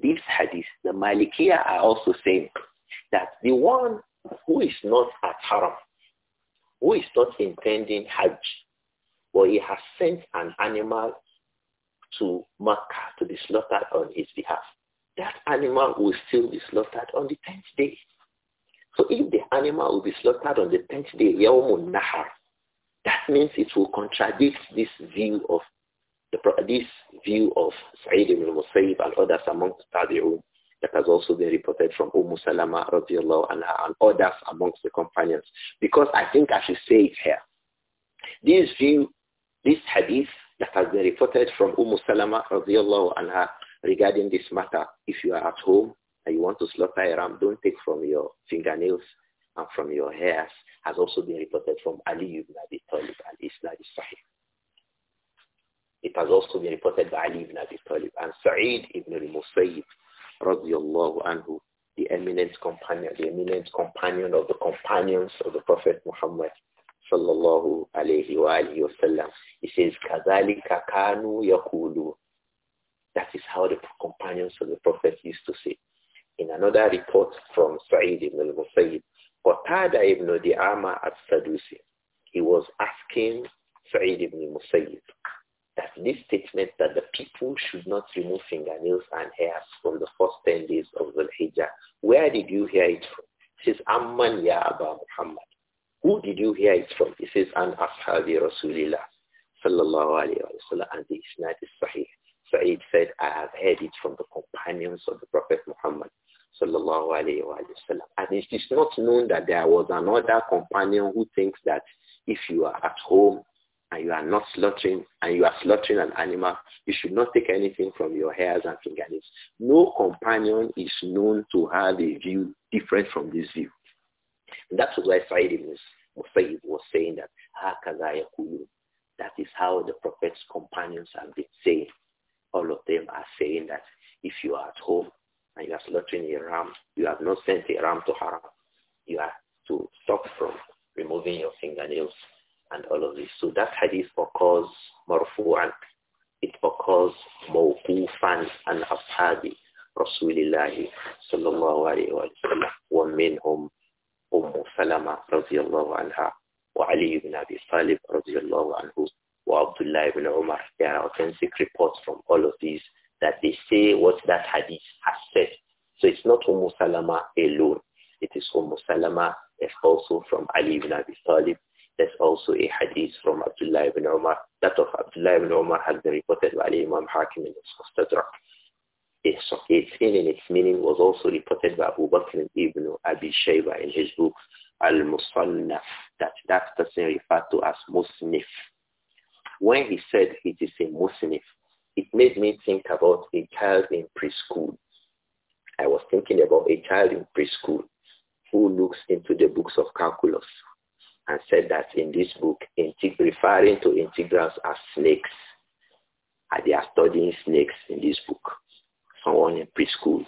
This hadith, the Malikia are also saying that the one who is not at haram, who is not intending hajj, but he has sent an animal to Makkah to be slaughtered on his behalf, that animal will still be slaughtered on the tenth day. So if the animal will be slaughtered on the tenth day, Yawmun Nahar, that means it will contradict this view of the, this view of Sa'id ibn Musayyib and others among Tabi'un that has also been reported from Umm Salama radiallahu anha and others amongst the companions. Because I think I should say it here. This view, this hadith that has been reported from Umm Salama radiallahu anha regarding this matter, if you are at home and you want to slaughter a ram, don't take from your fingernails and from your hairs, has also been reported from Ali ibn Abi Talib and Isnad Sahih. It has also been reported by Ali ibn Abi Talib and Sa'id ibn al-Musayyib radiallahu anhu, the eminent companion, the eminent companion of the companions of the Prophet Muhammad sallallahu alayhi wa alayhi wa sallam. He says, كَذَلِكَ كَانُوا يَقُولُ That is how the companions of the Prophet used to say. In another report from Sa'id ibn al-Musayyib, Qatada ibn Di'ama al-Sadusi, he was asking Sa'id ibn al-Musayyib, that this statement that the people should not remove fingernails and hairs from the first 10 days of the Hijjah, where did you hear it from? It says, Amman ya Aba Muhammad. Who did you hear it from? It says, An Ashabi Rasulillah sallallahu alayhi and the Isnad is Sahih. Sa'id said, I have heard it from the companions of the Prophet Muhammad sallallahu And it is not known that there was another companion who thinks that if you are at home and you are not slaughtering and you are slaughtering an animal, you should not take anything from your hairs and fingernails. No companion is known to have a view different from this view. And that's why Said was saying that that is how the Prophet's companions have been saying. All of them are saying that if you are at home and you are slaughtering a ram, you have not sent a ram to haram. You are to stop from removing your fingernails and all of this. So that hadith occurs marfu'an. It occurs mawqufan an ashabi Rasulillahi sallallahu alayhi wa sallam wa minhum Umm Salama radiyallahu anha wa Ali ibn Abi Talib radiyallahu anhu wa Abdullah ibn Umar. There are authentic reports from all of these that they say what that hadith has said. So it's not Umm Salama alone. It is Umm Salama, it's also from Ali ibn Abi Talib, there's also a hadith from Abdullah ibn Umar. That of Abdullah ibn Umar has been reported by Imam Hakim in his Its sin and its meaning was also reported by Abu Bakr ibn Abi Shayba in his book Al-Musannaf, that that person referred to as Musnif. When he said it is a Musnif, it made me think about a child in preschool. I was thinking about a child in preschool who looks into the books of calculus, and said that in this book, referring to integrals as snakes, and they are studying snakes in this book. Someone in preschool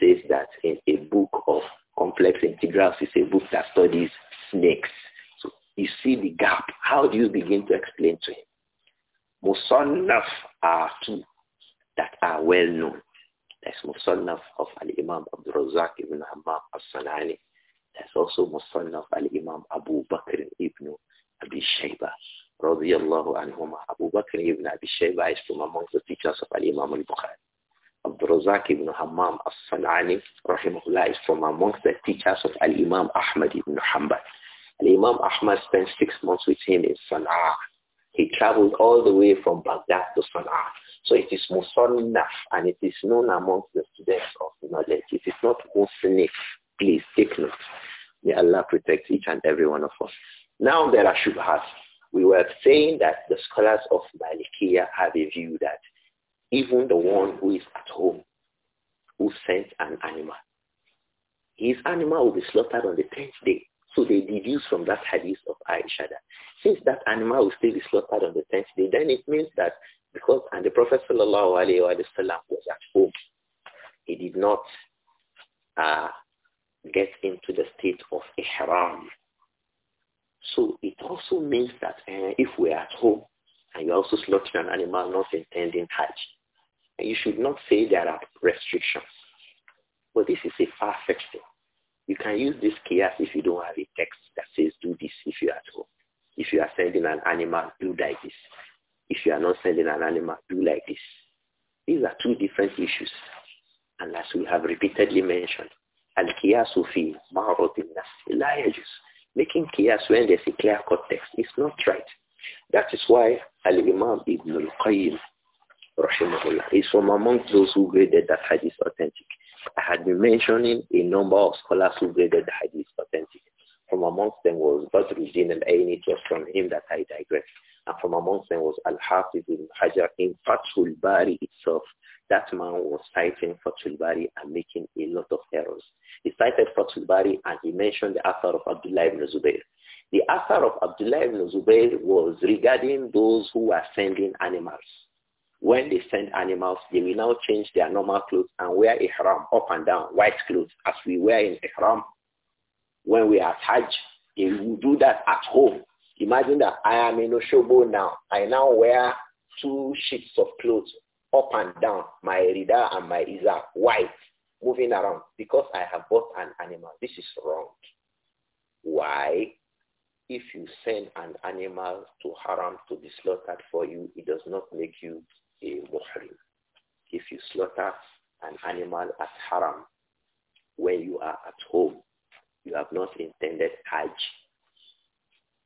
says that in a book of complex integrals is a book that studies snakes. So you see the gap. How do you begin to explain to him? Musannaf are two that are well known. That's Musannaf of Al-Imam Abdul Razak ibn Hammam al-Sanani there's also Musannaf al-Imam Abu Bakr ibn Abi Shayba. Radiallahu anhuma. Abu Bakr ibn Abi Shayba is from amongst the teachers of al-Imam al-Bukhari. Abdurazak ibn Hammam al-San'ani, rahimahullah, is from amongst the teachers of al-Imam Ahmad ibn Hanbal. Al-Imam Ahmad spent six months with him in Sana'a. He traveled all the way from Baghdad to Sana'a. So it is Musannaf and it is known amongst the students of knowledge. It is not Musnif Please take note. May Allah protect each and every one of us. Now there are shubhas. We were saying that the scholars of Malikiya have a view that even the one who is at home, who sent an animal, his animal will be slaughtered on the tenth day. So they deduce from that hadith of Aisha that since that animal will still be slaughtered on the tenth day, then it means that because and the Prophet sallallahu alaihi wasallam was at home, he did not uh, get into the state of ihram. So it also means that uh, if we're at home and you're also slaughtering an animal not intending Hajj, eh, you should not say there are restrictions. But this is a far-fetched thing. You can use this chaos if you don't have a text that says do this if you're at home. If you are sending an animal, do like this. If you are not sending an animal, do like this. These are two different issues. And as we have repeatedly mentioned, الكياس في معرض making qiyas when there's a clear context is not right. That is why Al-Imam Ibn al-Qayyim, rahimahullah, is from among those who graded that hadith authentic. I had been mentioning a number of scholars who graded the hadith authentic. From amongst them was Badruddin al-Ain, it was from him that I digress. And from amongst them was Al-Hafiz ibn Hajar in Fathul Bari itself that man was citing for Bari and making a lot of errors. He cited for Bari and he mentioned the author of Abdullah ibn Zubayr. The author of Abdullah ibn Zubayr was regarding those who are sending animals. When they send animals, they will now change their normal clothes and wear ihram up and down, white clothes, as we wear in ihram. When we are Hajj, they will do that at home. Imagine that I am in Oshobo now. I now wear two sheets of clothes up and down, my rida and my iza, white, moving around because I have bought an animal. This is wrong. Why? If you send an animal to haram to be slaughtered for you, it does not make you a muhrim. If you slaughter an animal at haram, when you are at home, you have not intended hajj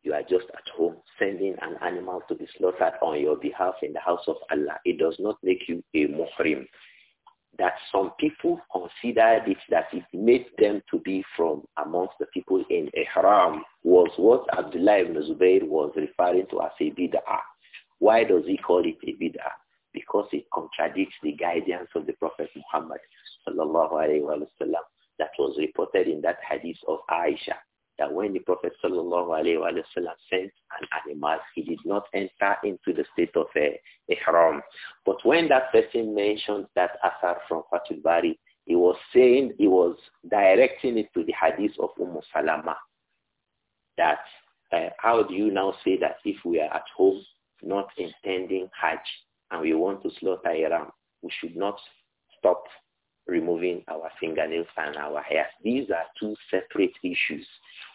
you are just at home sending an animal to be slaughtered on your behalf in the house of Allah. It does not make you a muhrim. That some people considered it that it made them to be from amongst the people in Ihram was what Abdullah ibn Zubayr was referring to as a bid'ah. Why does he call it a bid'ah? Because it contradicts the guidance of the Prophet Muhammad sallallahu alaihi wasallam that was reported in that hadith of Aisha that when the Prophet sallallahu sent an animal, he did not enter into the state of a eh, ihram. But when that person mentioned that asar from Fatul Bari, he was saying, he was directing it to the hadith of Umm Salama, that uh, how do you now say that if we are at home not intending Hajj and we want to slaughter a ram, we should not stop removing our fingernails and our hair. These are two separate issues.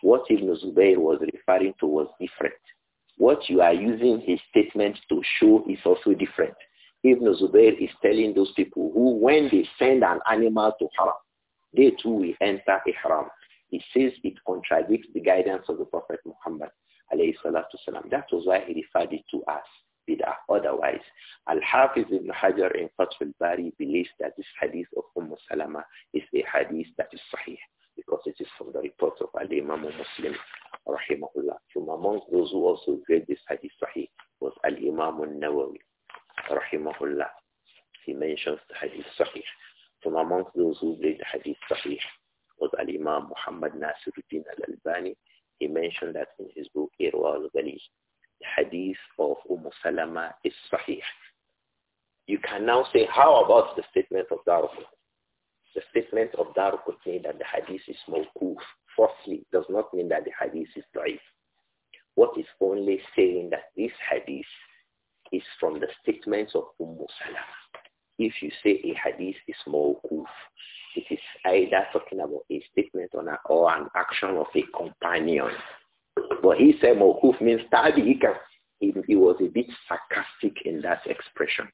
What Ibn Zubayr was referring to was different. What you are using his statement to show is also different. Ibn Zubayr is telling those people who, when they send an animal to Haram, they too will enter Ihram. He says it contradicts the guidance of the Prophet Muhammad. That was why he referred it to us bid'ah otherwise. Al-Hafiz ibn Hajar in Fath bari believes that this hadith of Umm Salama is a hadith that is sahih because it is from the report of Al-Imam Muslim rahimahullah. From amongst those who also read this hadith sahih was Al-Imam al-Nawawi rahimahullah. He mentions the hadith sahih. From amongst those who read the hadith sahih was Al-Imam Muhammad Nasiruddin al-Albani. He mentioned that in his book, Irwa al-Ghali hadith of Umm Salama is sahih. You can now say, how about the statement of Darukutni? The statement of Darukutni that the hadith is mawkuf, firstly, does not mean that the hadith is da'if. What is only saying that this hadith is from the statements of Umm Salama. If you say a hadith is mawkuf, it is either talking about a statement or an action of a companion but he said mawkuf means tabi'ika. He, he was a bit sarcastic in that expression.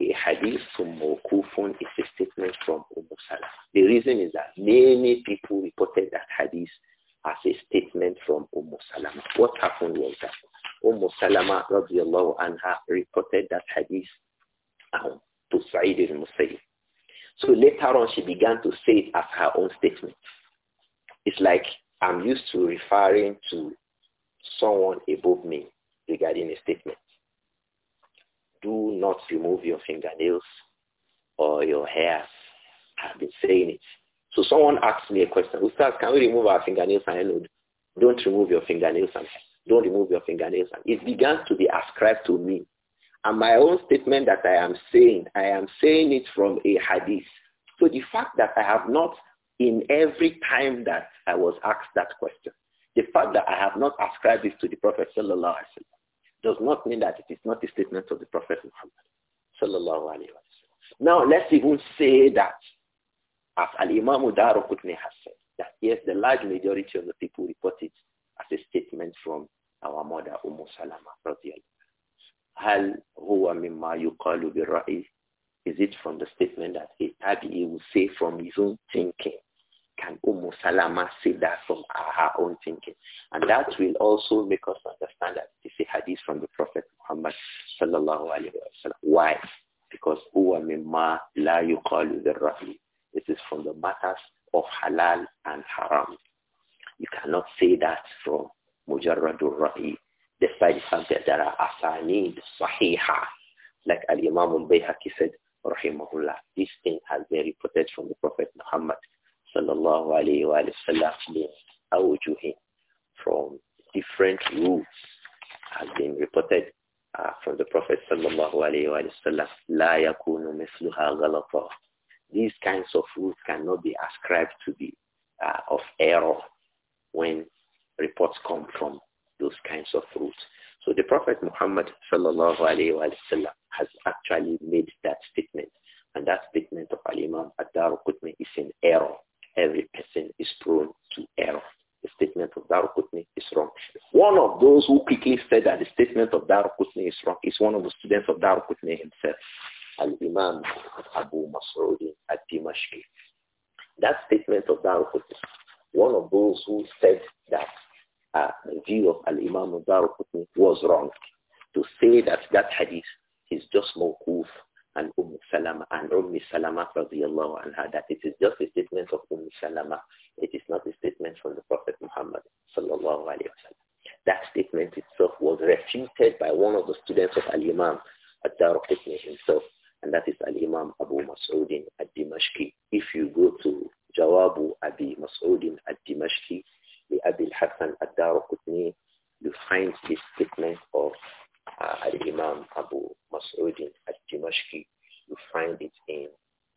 A hadith from mawkufun is a statement from Umm Salah. The reason is that many people reported that hadith as a statement from Umm Salama. What happened was that Umm Salama radiallahu anha reported that hadith um, to Sa'id al-Musayyib. So later on she began to say it as her own statement. It's like I'm used to referring to someone above me regarding a statement. Do not remove your fingernails or your hair. I've been saying it. So someone asked me a question. Who says, can we remove our fingernails and hair? Don't remove your fingernails and hair. Don't remove your fingernails. And it began to be ascribed to me. And my own statement that I am saying, I am saying it from a hadith. So the fact that I have not in every time that I was asked that question. The fact that I have not ascribed this to the Prophet sallallahu alaihi wasallam does not mean that it is not a statement of the Prophet Muhammad sallallahu alaihi wasallam. Now let's even say that, as Al Imam Darukutni has said, that yes, the large majority of the people report it as a statement from our mother Umm Salama هل هو مما يقال بالرأي? Is it from the statement that a tabi'i will say from his own thinking? Can Umm Salama say that from her own thinking? And that will also make us understand that this is a hadith from the Prophet Muhammad sallallahu alayhi wa Why? Because huwa mimma la yuqalu dhirrahi. It is from the matters of halal and haram. You cannot say that from mujarradur rahi. Despite the fact that there are asanid sahiha. Like Al-Imam al-Bayhaqi said, rahimahullah, this thing has been reported from the Prophet Muhammad sallallahu alayhi wa sallam min from different routes has been reported uh, from the Prophet sallallahu alayhi wa sallam la yakunu misluha ghalata these kinds of routes cannot be ascribed to be uh, of error when reports come from those kinds of routes. So the Prophet Muhammad sallallahu alayhi wa sallam has actually made that statement. And that statement of Al-Imam ad is an error every person is prone to error. The statement of Darul Qutni is wrong. One of those who quickly said that the statement of Darul Qutni is wrong is one of the students of Darul Qutni himself, Al-Imam Abu Mas'ud al-Dimashqi. That statement of Darul Qutni, one of those who said that uh, the view of Al-Imam Darul Qutni was wrong. To say that that hadith is just mawkuf and Umm Salama and Ummi Salama radiallahu anha that it is just a statement of Umm Salama. It is not a statement from the Prophet Muhammad sallallahu alayhi wa sallam. That statement itself was refuted by one of the students of Al-Imam al darqutni himself and that is Al-Imam Abu Mas'udin al dimashqi If you go to Jawabu Abi Mas'udin al dimashqi the Abi Al-Hassan Ad-Darqutni, you find this statement of uh, imam Abu Mas'udin al-Dimashqi. You find it in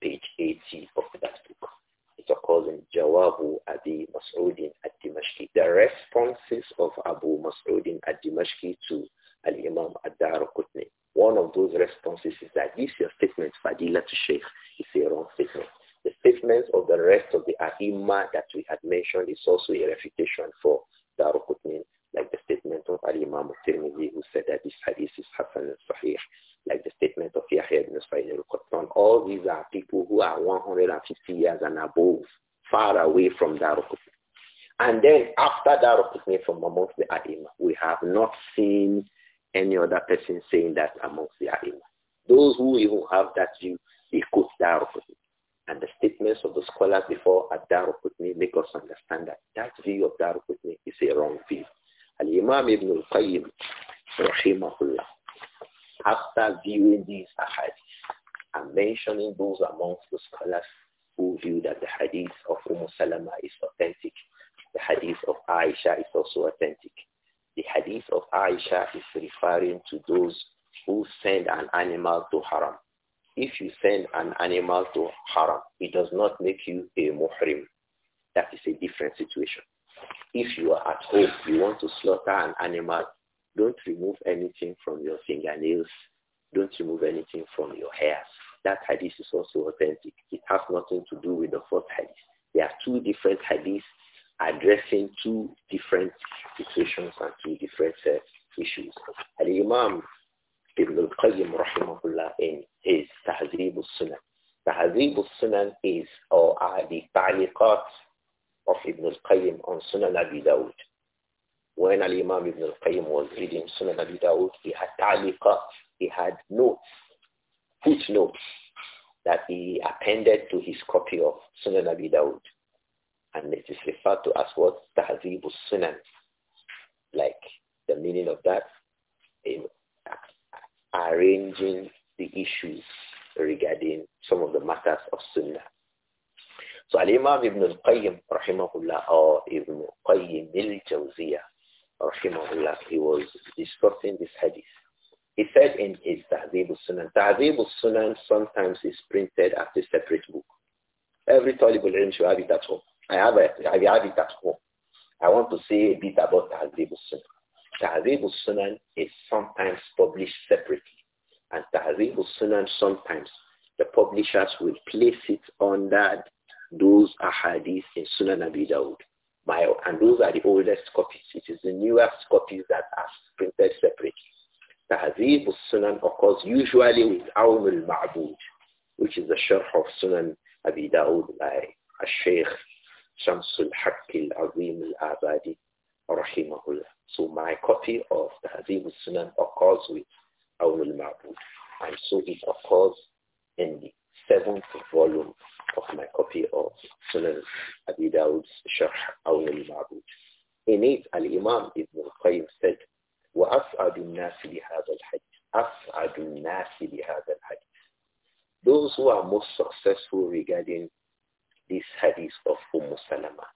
page 80 of that book. It occurs in Jawabu Abi Mas'udin al-Dimashqi. The responses of Abu Mas'udin al-Dimashqi to Al-Imam al-Darqutni. One of those responses is that this your statement, Fadila to Sheikh, is a wrong statement. The statements of the rest of the ai that we had mentioned is also a refutation for Darqutni like the statement of Al-Imam al-Tirmidhi who said that this hadith is Hassan al-Sahih, like the statement of Yahya ibn Sa'id al-Qattan. All these are people who are 150 years and above, far away from Darul And then after Darul from amongst the A'imah, we have not seen any other person saying that amongst the A'imah. Those who even have that view, they quote Darul and the statements of the scholars before at Darul make us understand that that view of Darul is a wrong view after viewing these hadiths and mentioning those amongst the scholars who view that the hadith of Umm Salama is authentic, the hadith of Aisha is also authentic. The hadith of Aisha is referring to those who send an animal to haram. If you send an animal to haram, it does not make you a muhrim. That is a different situation. If you are at home, you want to slaughter an animal, don't remove anything from your fingernails. Don't remove anything from your hairs. That hadith is also authentic. It has nothing to do with the fourth hadith. There are two different hadiths addressing two different situations and two different uh, issues. The imam Ibn al-Qayyim rahimahullah in his Tahzib al-Sunan. Tahzib al-Sunan is, or are the ta'liqat of Ibn al-Qayyim on Sunan Abi Dawud. When Al-Imam Ibn al-Qayyim was reading Sunan Abi Dawud, he had taliqa, he had notes, footnotes that he appended to his copy of Sunan Abi Dawud. And it is referred to as what? Tahzib sunan Like the meaning of that, in arranging the issues regarding some of the matters of Sunnah. So Al-Imam Ibn al-Qayyim, rahimahullah, or Ibn al-Qayyim al-Jawziyah, rahimahullah, he was discussing this hadith. He said in his Tahzib al-Sunan, Tahzib al-Sunan sometimes is printed as a separate book. Every Talib al-Ilm should have it at home. I have, a, I have it at home. I want to say a bit about Tahzib al-Sunan. Tahzib al-Sunan is sometimes published separately. And Tahzib al-Sunan sometimes the publishers will place it under those ahadith in Sunan Abi Dawud. My, and those are the oldest copies. It is the newest copies that are printed separately. Tahzib al-Sunan occurs usually with Awm al-Ma'bud, which is the Sharh of Sunan Abi Dawud by Sheikh Shamsul Haqq al-Azim al-Abadi, rahimahullah. So my copy of Tahzib al-Sunan occurs with Awm al-Ma'bud. And so it occurs in the seventh volume of my copy of Sunan Abi Dawud's Sharh Awn al-Ma'bud. In it, Al-Imam Ibn al-Qayyim said, وَأَسْعَدُ النَّاسِ بِهَذَا الْحَدِيثِ أَسْعَدُ النَّاسِ بِهَذَا الْحَدِيثِ Those who are most successful regarding this hadith of Umm Salama,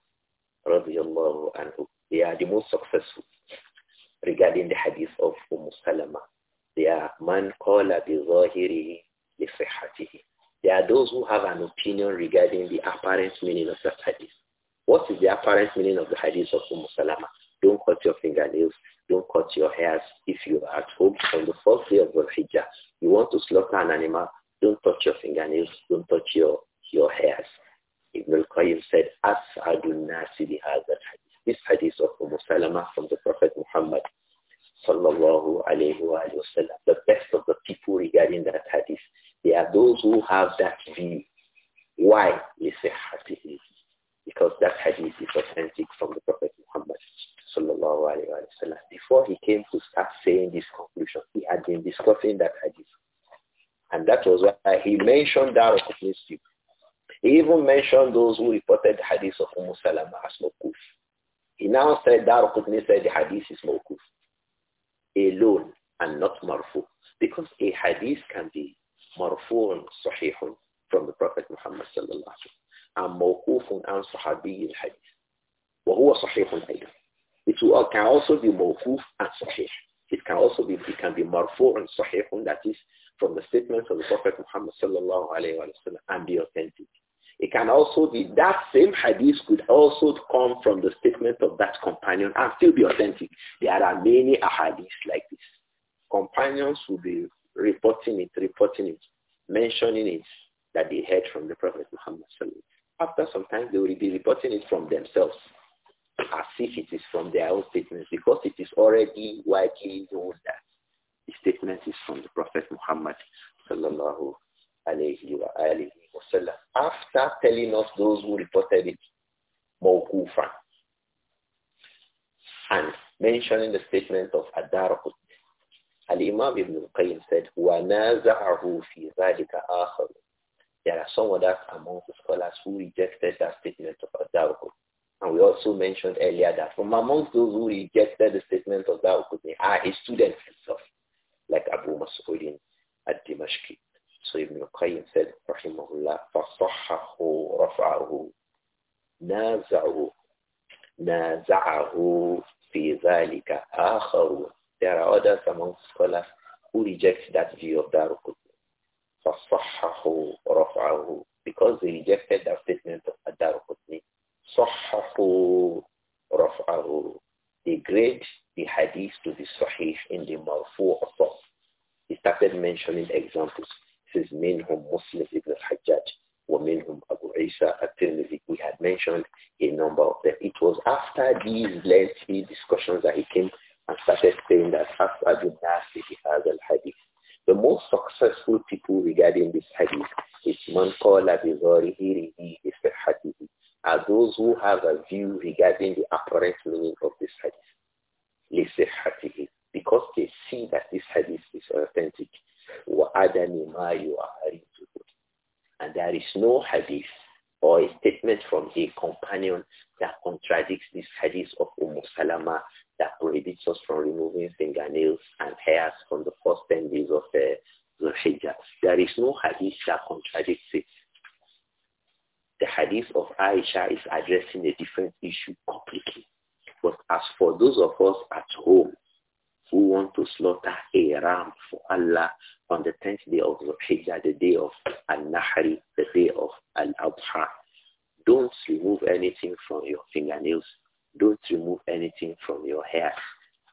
radiallahu anhu, they are the most successful regarding the hadith of Umm Salama. They are man qala bi zahirihi li sihatihi there are those who have an opinion regarding the apparent meaning of that hadith. What is the apparent meaning of the hadith of Umm Salama? Don't cut your fingernails. Don't cut your hairs if you are at home on the fourth day of Dhul Hijjah. You want to slaughter an animal, don't touch your fingernails. Don't touch your, your hairs. Ibn al-Qayyim said, As'adun nasi bihazat hadith. This hadith of Umm Salama from the Prophet Muhammad sallallahu alayhi wa sallam, the best of the people regarding that hadith there are those who have that view. Why They say hadith? Because that hadith is authentic from the Prophet Muhammad sallallahu alaihi wasallam. Before he came to start saying this conclusion, he had been discussing that hadith, and that was why he mentioned that of Muslim. He even mentioned those who reported the hadith of Umm Salama as mawkuf. He now said that Qutni said the hadith is mawkuf alone and not marfu because a hadith can be marfu'un sahihun from the Prophet Muhammad sallallahu alaihi wasallam and mawqufun an sahabi hadith wa huwa sahihun aydan. It uh, can also be mawquf and sahih. It can also be, it can be marfu'un sahihun that is from the statement of the Prophet Muhammad sallallahu alaihi wasallam and be authentic. It can also be that same hadith could also come from the statement of that companion and still be authentic. There are many ahadiths like this. Companions will be reporting it, reporting it, mentioning it that they heard from the Prophet Muhammad After some time, they will be reporting it from themselves as if it is from their own statements because it is already widely known that the statement is from the Prophet Muhammad After telling us those who reported it, mawkufan, and mentioning the statement of Adarqutni Al-Imam Ibn al-Qayyim said, وَنَازَعَهُ فِي ذَلِكَ آخر. There are some others among the scholars who rejected that statement of Adawqud. And we also mentioned earlier that from amongst those who rejected the statement of they are his students himself, like Abu Mas'udin al-Dimashqi. So Ibn al-Qayyim said, rahimahullah, فَصَحَّهُ رَفْعَهُ نَازَعُهُ نَازَعَهُ فِي ذَلِكَ آخَرُونَ There are others among scholars who reject that view of Darul فصححوا رفعه because they rejected that statement of Adar Qutni. صححوا رفعه They grade the hadith to the sahih in the marfu' form. He started mentioning examples. He says, منهم Muslim ibn al-Hajjaj ومنهم Abu Isa at-Tirmidhi. We had mentioned a number of them. It was after these lengthy discussions that he came and started saying that after ibn Nasi has al-hadith. The most successful people regarding this hadith is man called bi zahirihi is the hadith are those who have a view regarding the apparent meaning of this hadith. Hadith, Because they see that this hadith is authentic. وَعَدَمِ مَا يُعَارِضُهُ And there is no hadith or a statement from a companion that contradicts this hadith of Umm Salama that prohibits us from removing fingernails and hairs from the first 10 days of the uh, Zulhijjah. There is no hadith that contradicts it. The hadith of Aisha is addressing a different issue completely. But as for those of us at home who want to slaughter a ram for Allah on the 10th day of Zulhijjah, the day of Al-Nahri, the day of Al-Adha, don't remove anything from your fingernails don't remove anything from your hair.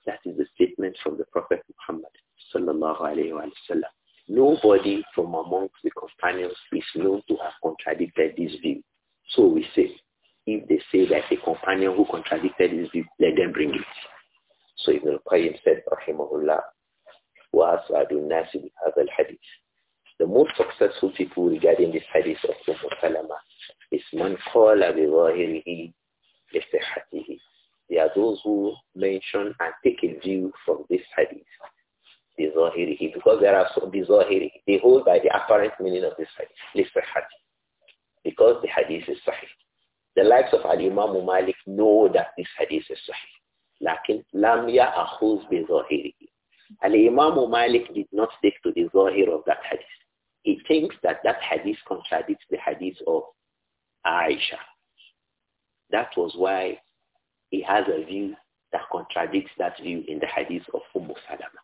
That is the statement from the Prophet Muhammad sallallahu alayhi wa sallam. Nobody from amongst the companions is known to have contradicted this view. So we say, if they say that a companion who contradicted his view, let them bring it. So Ibn al-Qayyim said, Rahimahullah, وَأَسْعَدُ النَّاسِ بِهَذَا Hadith. The most successful people regarding this hadith of Umm Salama is man qala bi لِصِحَّتِهِ They are those who mention and take a view from this hadith. بِظَاهِرِهِ Because there are some بِظَاهِرِهِ They hold by the apparent meaning of this hadith. لِصِحَّتِهِ Because the hadith is sahih. The likes of Al-Imam Malik know that this hadith is sahih. لكن لم يأخذ بظاهره. Al-Imam Malik did not stick to the zahir of that hadith. He thinks that that hadith contradicts the hadith of Aisha that was why he has a view that contradicts that view in the hadith of Umm Salama.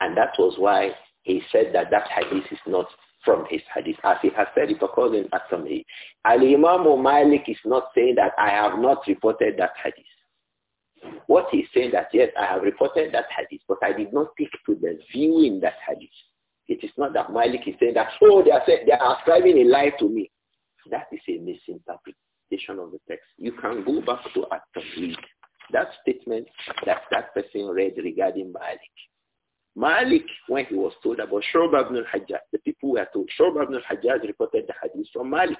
And that was why he said that that hadith is not from his hadith. As he has said it according to Sahih. Al-Imam Malik is not saying that I have not reported that hadith. What he's saying that yes, I have reported that hadith, but I did not stick to the view in that hadith. It is not that Malik is saying that, oh, they are, saying, they are ascribing a lie to me. That is a misinterpretation interpretation of the text. You can go back to At-Tafriq. That statement that that person read regarding Malik. Malik, when he was told about Shurba ibn al-Hajjaj, the people were told, Shurba ibn al-Hajjaj reported the hadith from Malik.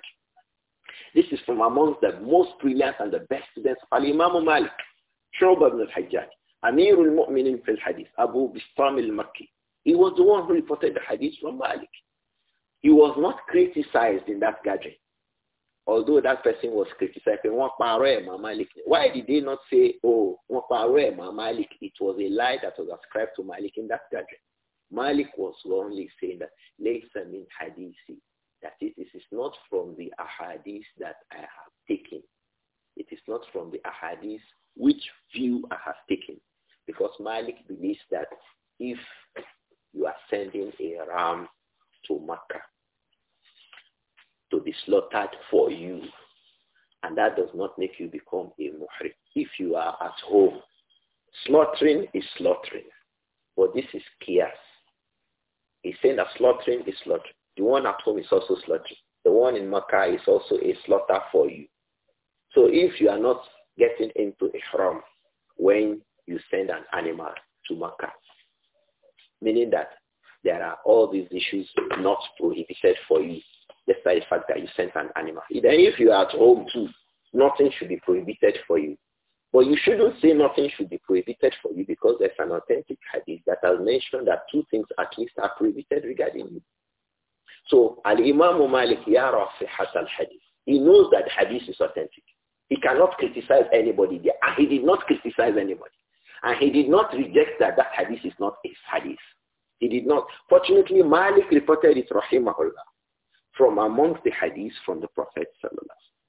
This is from amongst the most brilliant and the best students of Al-Imam Malik, Shurba ibn al-Hajjaj, Amir al-Mu'minin fil hadith, Abu Bistam al-Makki. He was the one who reported the hadith from Malik. He was not criticized in that gathering although that person was criticizing, why did they not say, oh, Malik? It was a lie that was ascribed to Malik in that gathering. Malik was only saying that Laysa in hadithi. That is, this is not from the ahadith that I have taken. It is not from the ahadith which view I have taken. Because Malik believes that if you are sending a ram to Makkah, be slaughtered for you. And that does not make you become a muhrim if you are at home. Slaughtering is slaughtering. But this is kias. He's saying that slaughtering is slaughtering. The one at home is also slaughtering. The one in Makkah is also a slaughter for you. So if you are not getting into ihram when you send an animal to Makkah, meaning that there are all these issues not prohibited for you Despite the fact that you sent an animal. and if you are at home too, nothing should be prohibited for you. But you shouldn't say nothing should be prohibited for you because there's an authentic hadith that has mentioned that two things at least are prohibited regarding you. So Al-Imam Malik yara al-hadith. He knows that hadith is authentic. He cannot criticize anybody there. And he did not criticize anybody. And he did not reject that that hadith is not his hadith. He did not. Fortunately, Malik reported it rahimahullah from amongst the hadiths from the Prophet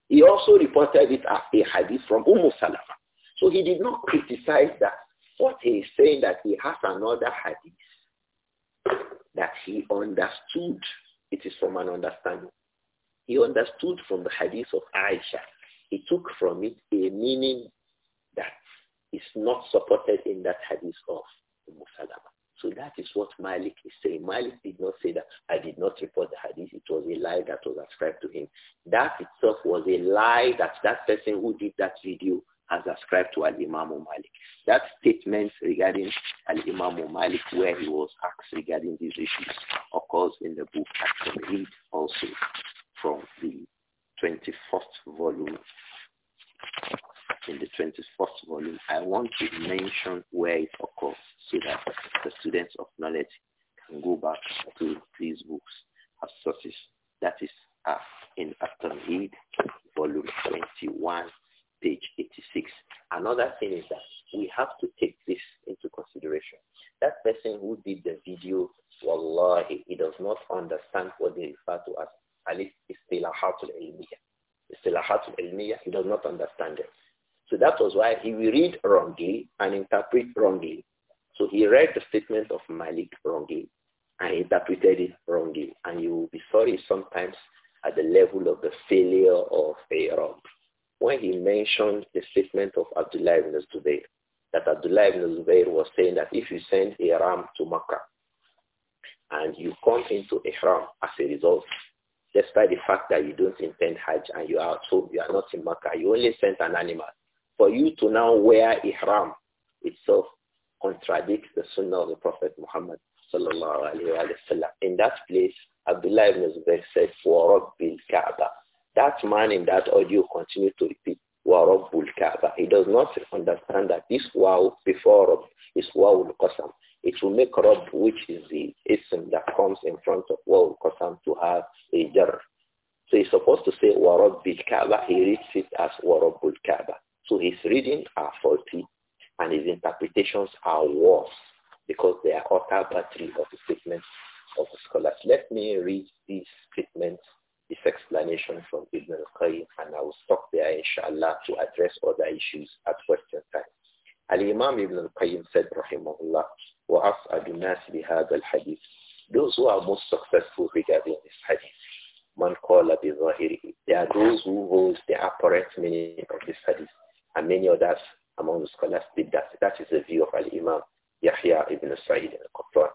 He also reported it as a hadith from Umm Salama. So he did not criticize that. What he is saying that he has another hadith that he understood. It is from an understanding. He understood from the hadith of Aisha. He took from it a meaning that is not supported in that hadith of Umm Salama. So that is what Malik is saying. Malik did not say that I did not report the hadith. It was a lie that was ascribed to him. That itself was a lie that that person who did that video has ascribed to Al-Imam Malik. That statement regarding Al-Imam Malik, where he was asked regarding these issues, occurs in the book I can read also from the 21st volume. In the 21st volume, I want to mention where it occurs so that the students of knowledge can go back to these books as sources. That is uh, in At-Tamhid, volume 21, page 86. Another thing is that we have to take this into consideration. That person who did the video, wallahi, he does not understand what they refer to as alif istilahatul ilmiyah. Istilahatul ilmiyah, he does not understand it. So that was why he will read wrongly and interpret wrongly. So he read the statement of Malik wrongly and interpreted it wrongly. And you will be sorry sometimes at the level of the failure of Arab. When he mentioned the statement of Abdullah ibn Zubayr, that Abdullah ibn Zubayr was saying that if you send a ram to Makkah and you come into Ihram as a result, despite the fact that you don't intend Hajj and you are told you are not in Makkah, you only sent an animal. For you to now wear Ihram itself contradicts the sunnah of the Prophet Muhammad sallallahu alayhi wa In that place, Abdullah ibn Zubayr said, وَرَبِّ Kaaba." That man in that audio continued to repeat, "Warabul Kaaba." He does not understand that this wow before Rabb is al qasam. It will make Rabb, which is the ism that comes in front of al qasam, to have a jar. So he's supposed to say "Warabul Kaaba. He reads it as "Warabul Kaaba. So his reading are faulty and his interpretations are worse because they are utter battery of the statements of the scholars. Let me read these statements, this explanation from Ibn al-Qayyim, and I will stop there, inshallah, to address other issues at question time. Al-Imam Ibn al-Qayyim said, rahimahullah, وَأَصْعَبِ النَّاسِ بِهَذَا الْحَدِيثِ Those who are most successful regarding this hadith, man qala bi They are those who hold the apparent meaning of this hadith, and many others among the scholars did that. That is the view of Al-Imam Yahya ibn Sa'id al-Qattan.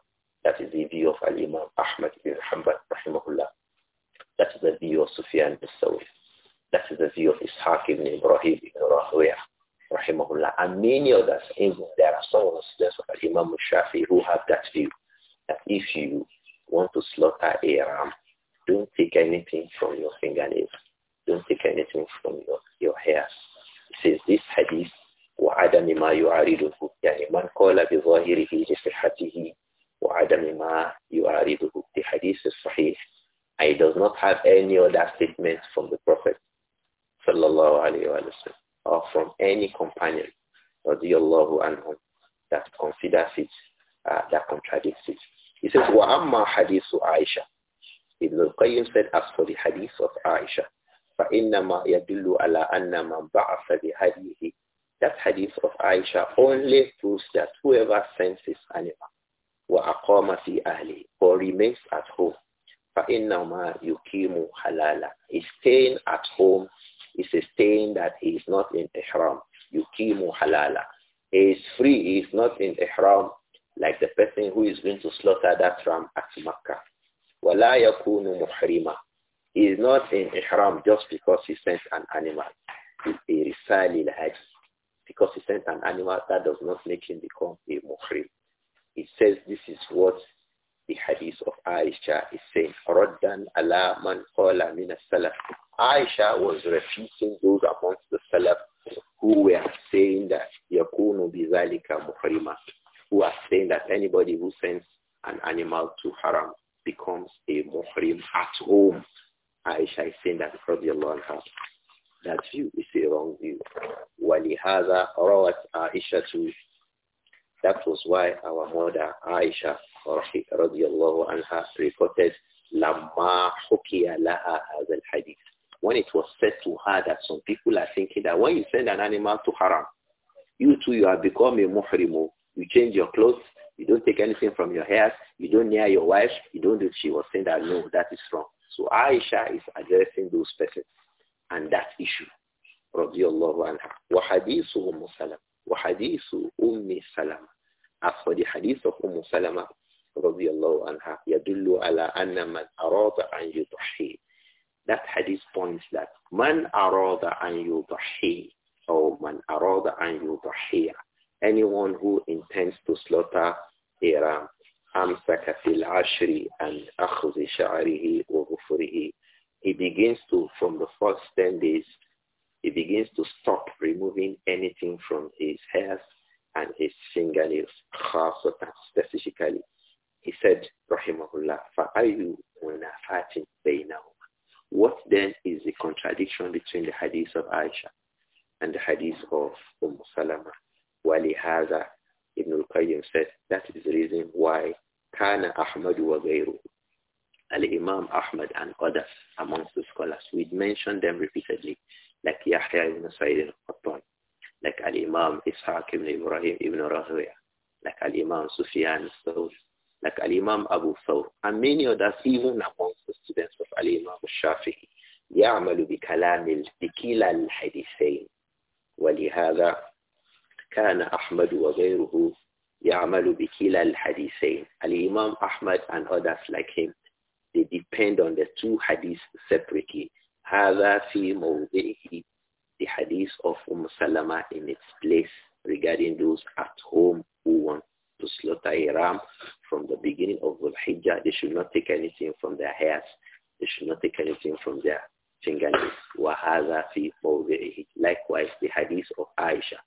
That is the view of Al-Imam Ahmad ibn Hanbal, rahimahullah. That is the view of Sufyan al-Sawri. Sawi. is the view of Ishaq ibn Ibrahim ibn Rahwiyah, rahimahullah. And many others, even there are some of the students of Imam Shafi who have that view, that if you want to slaughter a ram, don't take anything from your fingernails. Don't take anything from your, your hair. It says this hadith وعدم ما يعارضه يعني من قال بظاهره لصحته وعدم ما يعارضه the hadith is صحيح and it does not have any other statement from the Prophet صلى الله عليه وسلم or from any companion رضي الله عنهم that considers it uh, that contradicts it he says وأما حديث عائشة Ibn al-Qayyim said as for the hadith of Aisha فإنما يدل على أن من بعث بهديه That hadith of Aisha only proves that whoever senses animal, وَأَقَامَ فِي أَهْلِهِ or remains at home, فَإِنَّمَا يُكِيمُ halala. is staying at home is a staying that he is not in ihram. يُكِيمُ halala. He is free, he is not in ihram, like the person who is going to slaughter that ram at Makkah. وَلَا يَكُونُ muhrima. He is not in ihram just because he sent an animal. He a because he sent an animal, that does not make him become a muhrim. It says this is what the hadith of Aisha is saying. Raddan ala man qala min salaf Aisha was refuting those amongst the Salaf who were saying that yakunu bizalika muhrima, who are saying that anybody who sends an animal to haram becomes a muhrim at home. Aisha is saying that radiallahu anha. That view is a wrong view. That was why our mother Aisha radiallahu anha reported لَمَّا حُكِيَ لَهَا هَذَا الْحَدِيث When it was said to her that some people are thinking that when you send an animal to haram, you too, you have become a muhrimu. You change your clothes, you don't take anything from your hair, you don't near your wife, you don't do, she was saying that no, that is wrong. So Aisha is addressing those persons and that issue. رضي الله عنها وحديث أم سلمة وحديث أم سلمة أخذ حديث أم سلمة رضي الله عنها يدل على أن من أراد أن يضحي That hadith points that من أراد أن يضحي أو من أراد أن يضحي anyone who intends to slaughter a ram أمسك في العشر أن أخذ شعره وغفره He begins to, from the first 10 days, he begins to stop removing anything from his hairs and his fingernails, specifically. He said, Rahimahullah, فَأَيُّ مُنَافَاتٍ بَيْنَهُمَا What then is the contradiction between the hadith of Aisha and the hadith of Umm Salama? وَلِهَذَا Ibn al-Qayyim said, that is the reason why كَانَ أَحْمَدُ وَغَيْرُهُ Al-Imam Ahmad and others amongst the scholars. we mentioned them repeatedly. like Yahya ibn سعيد al-Qattan, like إسحاق imam Ishaq ibn Ibrahim ibn الإمام like الثوري imam Sufyan أبو like Al-Imam Abu Thawr, and many others even amongst the students of Al-Imam al-Shafi'i. يعمل بكلام بكلا الحديثين ولهذا كان أحمد وغيره يعمل بكلا الحديثين الإمام أحمد and others like him they depend on the two hadiths separately هذا في موضعه the hadith of Umm Salama in its place regarding those at home who want to slaughter a ram from the beginning of the Hijjah. They should not take anything from their hairs. They should not take anything from their fingernails. وَهَذَا فِي مَوْضِعِهِ Likewise, the hadith of Aisha.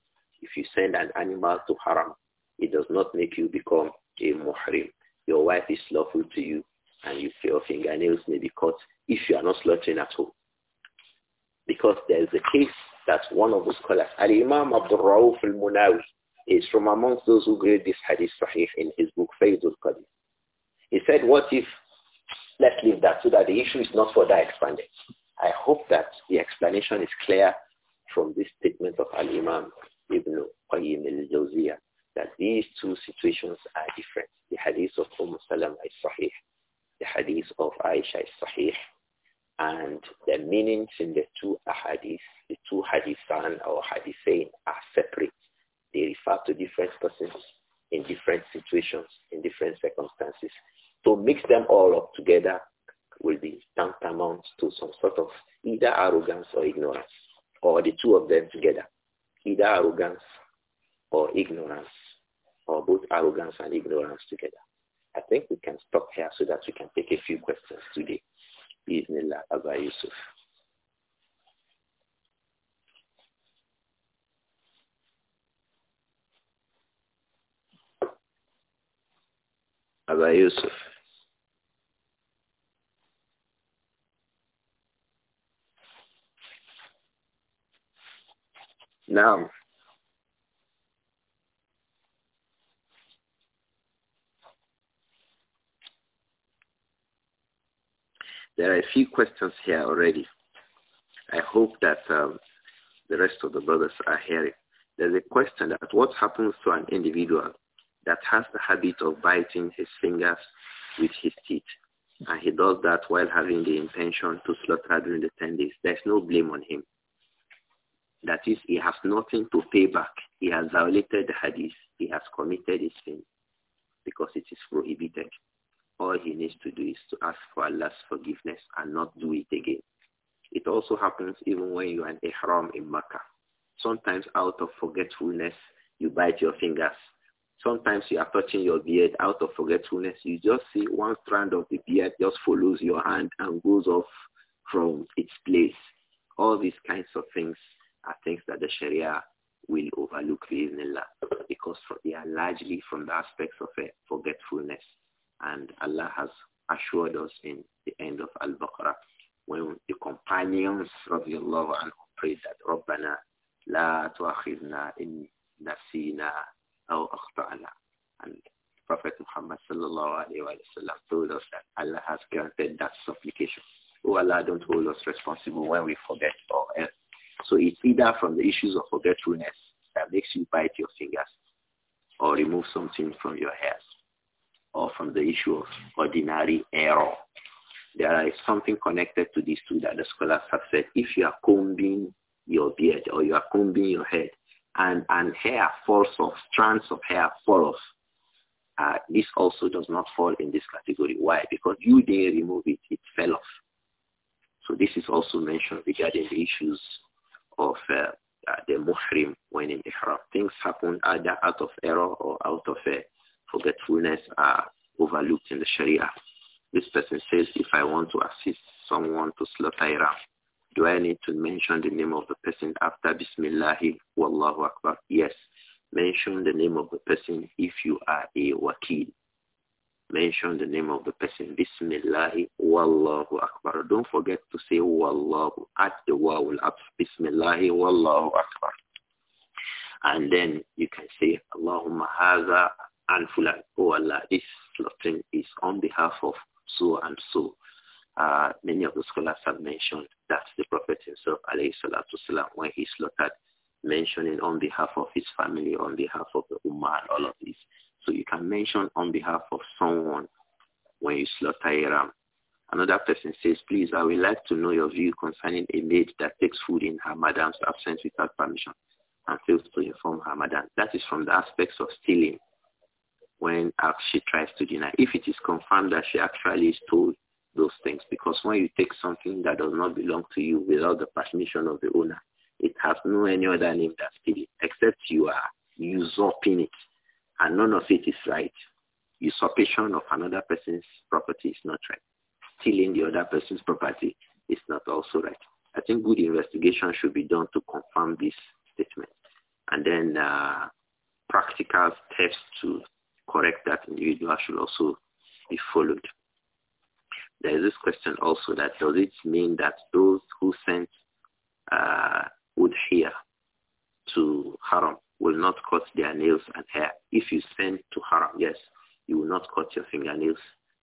If you send an animal to haram, it does not make you become a muhrim. Your wife is lawful to you and if your fingernails may be cut if you are not slaughtering at home. Because there is a case that one of the scholars, Al-Imam Abdul Rauf al-Munawi, is from amongst those who grade this hadith sahih in his book Faizul Qadir. He said, what if, let's leave that so that the issue is not further expanded. I hope that the explanation is clear from this statement of Al-Imam Ibn Qayyim al-Jawziyah that these two situations are different. The hadith of Umm Salam is sahih. The hadith of Aisha is sahih. And the meanings in the two ahadith, the two hadithan or hadithain are separate. They refer to different persons in different situations, in different circumstances. To so mix them all up together will be tantamount to some sort of either arrogance or ignorance, or the two of them together, either arrogance or ignorance, or both arrogance and ignorance together. I think we can stop here so that we can take a few questions today. Bismillah, Abba Yusuf. Now, There are a few questions here already. I hope that um, the rest of the brothers are hearing. There's a question that what happens to an individual that has the habit of biting his fingers with his teeth, and he does that while having the intention to slaughter during the 10 days. There's no blame on him. That is, he has nothing to pay back. He has violated the hadith. He has committed his sin because it is prohibited all he needs to do is to ask for Allah's forgiveness and not do it again. It also happens even when you are in ihram in Makkah. Sometimes out of forgetfulness, you bite your fingers. Sometimes you are touching your beard out of forgetfulness. You just see one strand of the beard just follows your hand and goes off from its place. All these kinds of things are things that the Sharia will overlook, because they are largely from the aspects of eh, forgetfulness. And Allah has assured us in the end of Al-Baqarah when the companions of Allah and prayed that Rabbana la tuakhidna in nafsina aw akhtana. And Prophet Muhammad sallallahu alayhi wa sallam told us that Allah has granted that supplication. Oh Allah, don't hold us responsible when we forget or else. So it's either from the issues of forgetfulness that makes you bite your fingers or remove something from your hair the issue of ordinary error. There is something connected to these two that the scholars have said. If you are combing your beard or you are combing your head and, and hair falls off, strands of hair fall off, uh, this also does not fall in this category. Why? Because you didn't remove it, it fell off. So this is also mentioned regarding the issues of uh, uh, the muhrim when in ihram. Things happen either out of error or out of uh, forgetfulness uh, overlooked in the Sharia. This person says, if I want to assist someone to slaughter a ram, do I need to mention the name of the person after Bismillahi Wallahu Akbar? Yes. Mention the name of the person if you are a wakil. Mention the name of the person. Bismillahi Wallahu Akbar. Don't forget to say Wallahu at the wawul Bismillahi Wallahu Akbar. And then you can say Allahumma haza and fulan. Oh Allah, this on behalf of so and so. Uh, many of the scholars have mentioned that the Prophet himself, alayhi salatu salam, when he slaughtered, mentioning on behalf of his family, on behalf of the Ummah all of this. So you can mention on behalf of someone when you slaughter a ram. Another person says, please, I would like to know your view concerning a maid that takes food in her madam's absence without permission and fails to inform her madam. That is from the aspects of stealing if it is confirmed that she actually stole those things. Because when you take something that does not belong to you without the permission of the owner, it has no any other name than stealing, except you are usurping it. And none of it is right. Usurpation of another person's property is not right. Stealing the other person's property is not also right. I think good investigation should be done to confirm this should also be followed. There is this question also that does it mean that those who sent uh, here to haram will not cut their nails and hair? If you send to haram, yes, you will not cut your fingernails.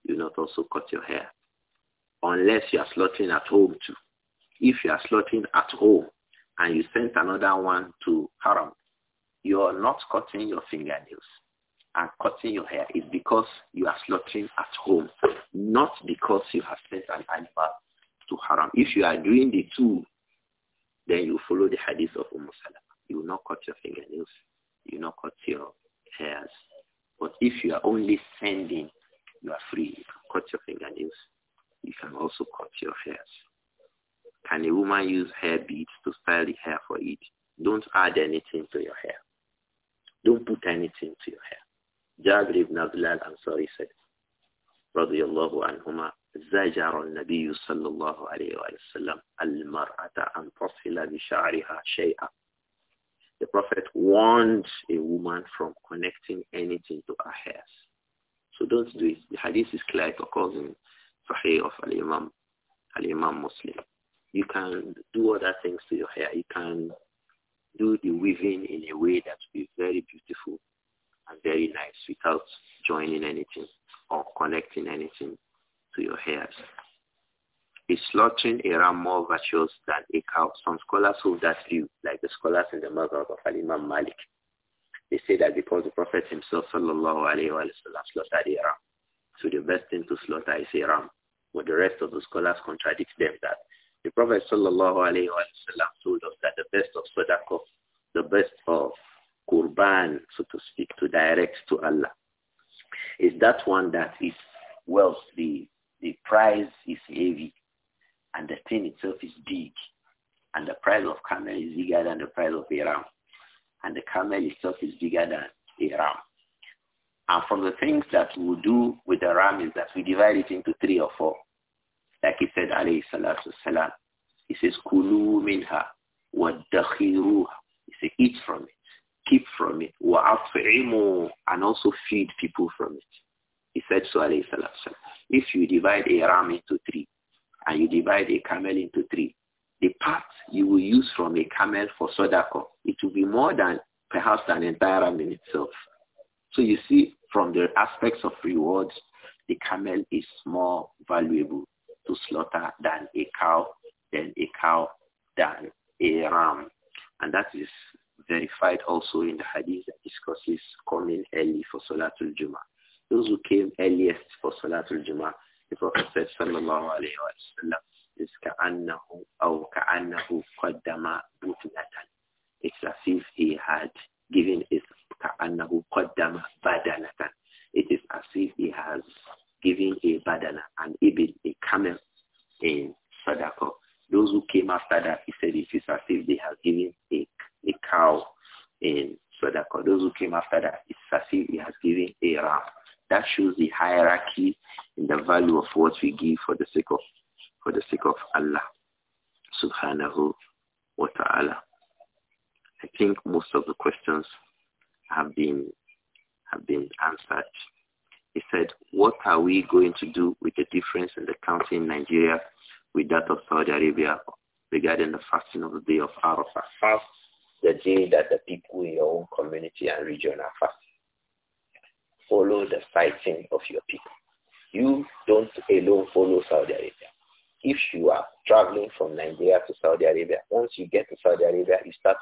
You will not also cut your hair. Unless you are slaughtering at home too. If you are slaughtering at home and you send another one to haram, you are not cutting your fingernails and cutting your hair is because you are slaughtering at home, not because you have sent an animal to haram. If you are doing the two, then you follow the hadith of Umm Salama. You will not cut your fingernails. You will not cut your hairs. But if you are only sending, you are free. You can cut your fingernails. You can also cut your hairs. Can a woman use hair beads to style the hair for it? Don't add anything to your hair. Don't put anything to your hair. Jabir ibn Abdullah al-Ansari said, رضي الله عنهما زجر النبي صلى الله عليه وسلم المرأة أن تصل بشعرها شيئا The Prophet warned a woman from connecting anything to her hair. So don't do it. The hadith is clear. It occurs in Sahih of Al-Imam, Al-Imam Muslim. You can do other things to your hair. You can do the weaving in a way that will be very beautiful and very nice without joining anything or connecting anything to your hairs. Is slaughtering a ram more virtuous than a cow? Some scholars hold that view, like the scholars in the Mazhab of Imam Malik. They say that because the Prophet himself, sallallahu alayhi wa sallam, slaughtered a ram. So the best thing to slaughter is a ram. But the rest of the scholars contradict them that the Prophet sallallahu alayhi wa sallam told us that the best of sadaqah, the best of qurban, so to speak, to direct to Allah. Is that one that is well, the, the price is heavy and the thing itself is big and the price of camel is bigger than the price of a ram and the camel itself is bigger than a ram. And from the things that we do with the ram is that we divide it into three or four. Like he said, alayhi salatu salam, he says, kulu minha wa dakhiruha. He says, eat from it keep from it. more, And also feed people from it. He said to alayhi salam. If you divide a ram into three, and you divide a camel into three, the part you will use from a camel for sadaqah, it will be more than perhaps an entire ram in itself. So you see, from the aspects of rewards, the camel is more valuable to slaughter than a cow, than a cow, than a ram. And that is verified also in the hadith that discusses coming early for Salatul Jummah. Those who came earliest for Salatul Jummah, the Prophet said, sallallahu alayhi wa sallam, is ka'annahu aw ka'annahu qaddama butnatan. It's as if he had given his ka'annahu qaddama badanatan. what we give for the sake of for the sake of Allah subhanahu wa ta'ala. I think most of the questions have been have been answered. He said, what are we going to do with the difference in the counting in Nigeria with that of Saudi Arabia regarding the fasting of the day of Arafah? Fast the day that the people in your own community and region are fasting. Follow the sighting of your from Nigeria to Saudi Arabia. Once you get to Saudi Arabia, you start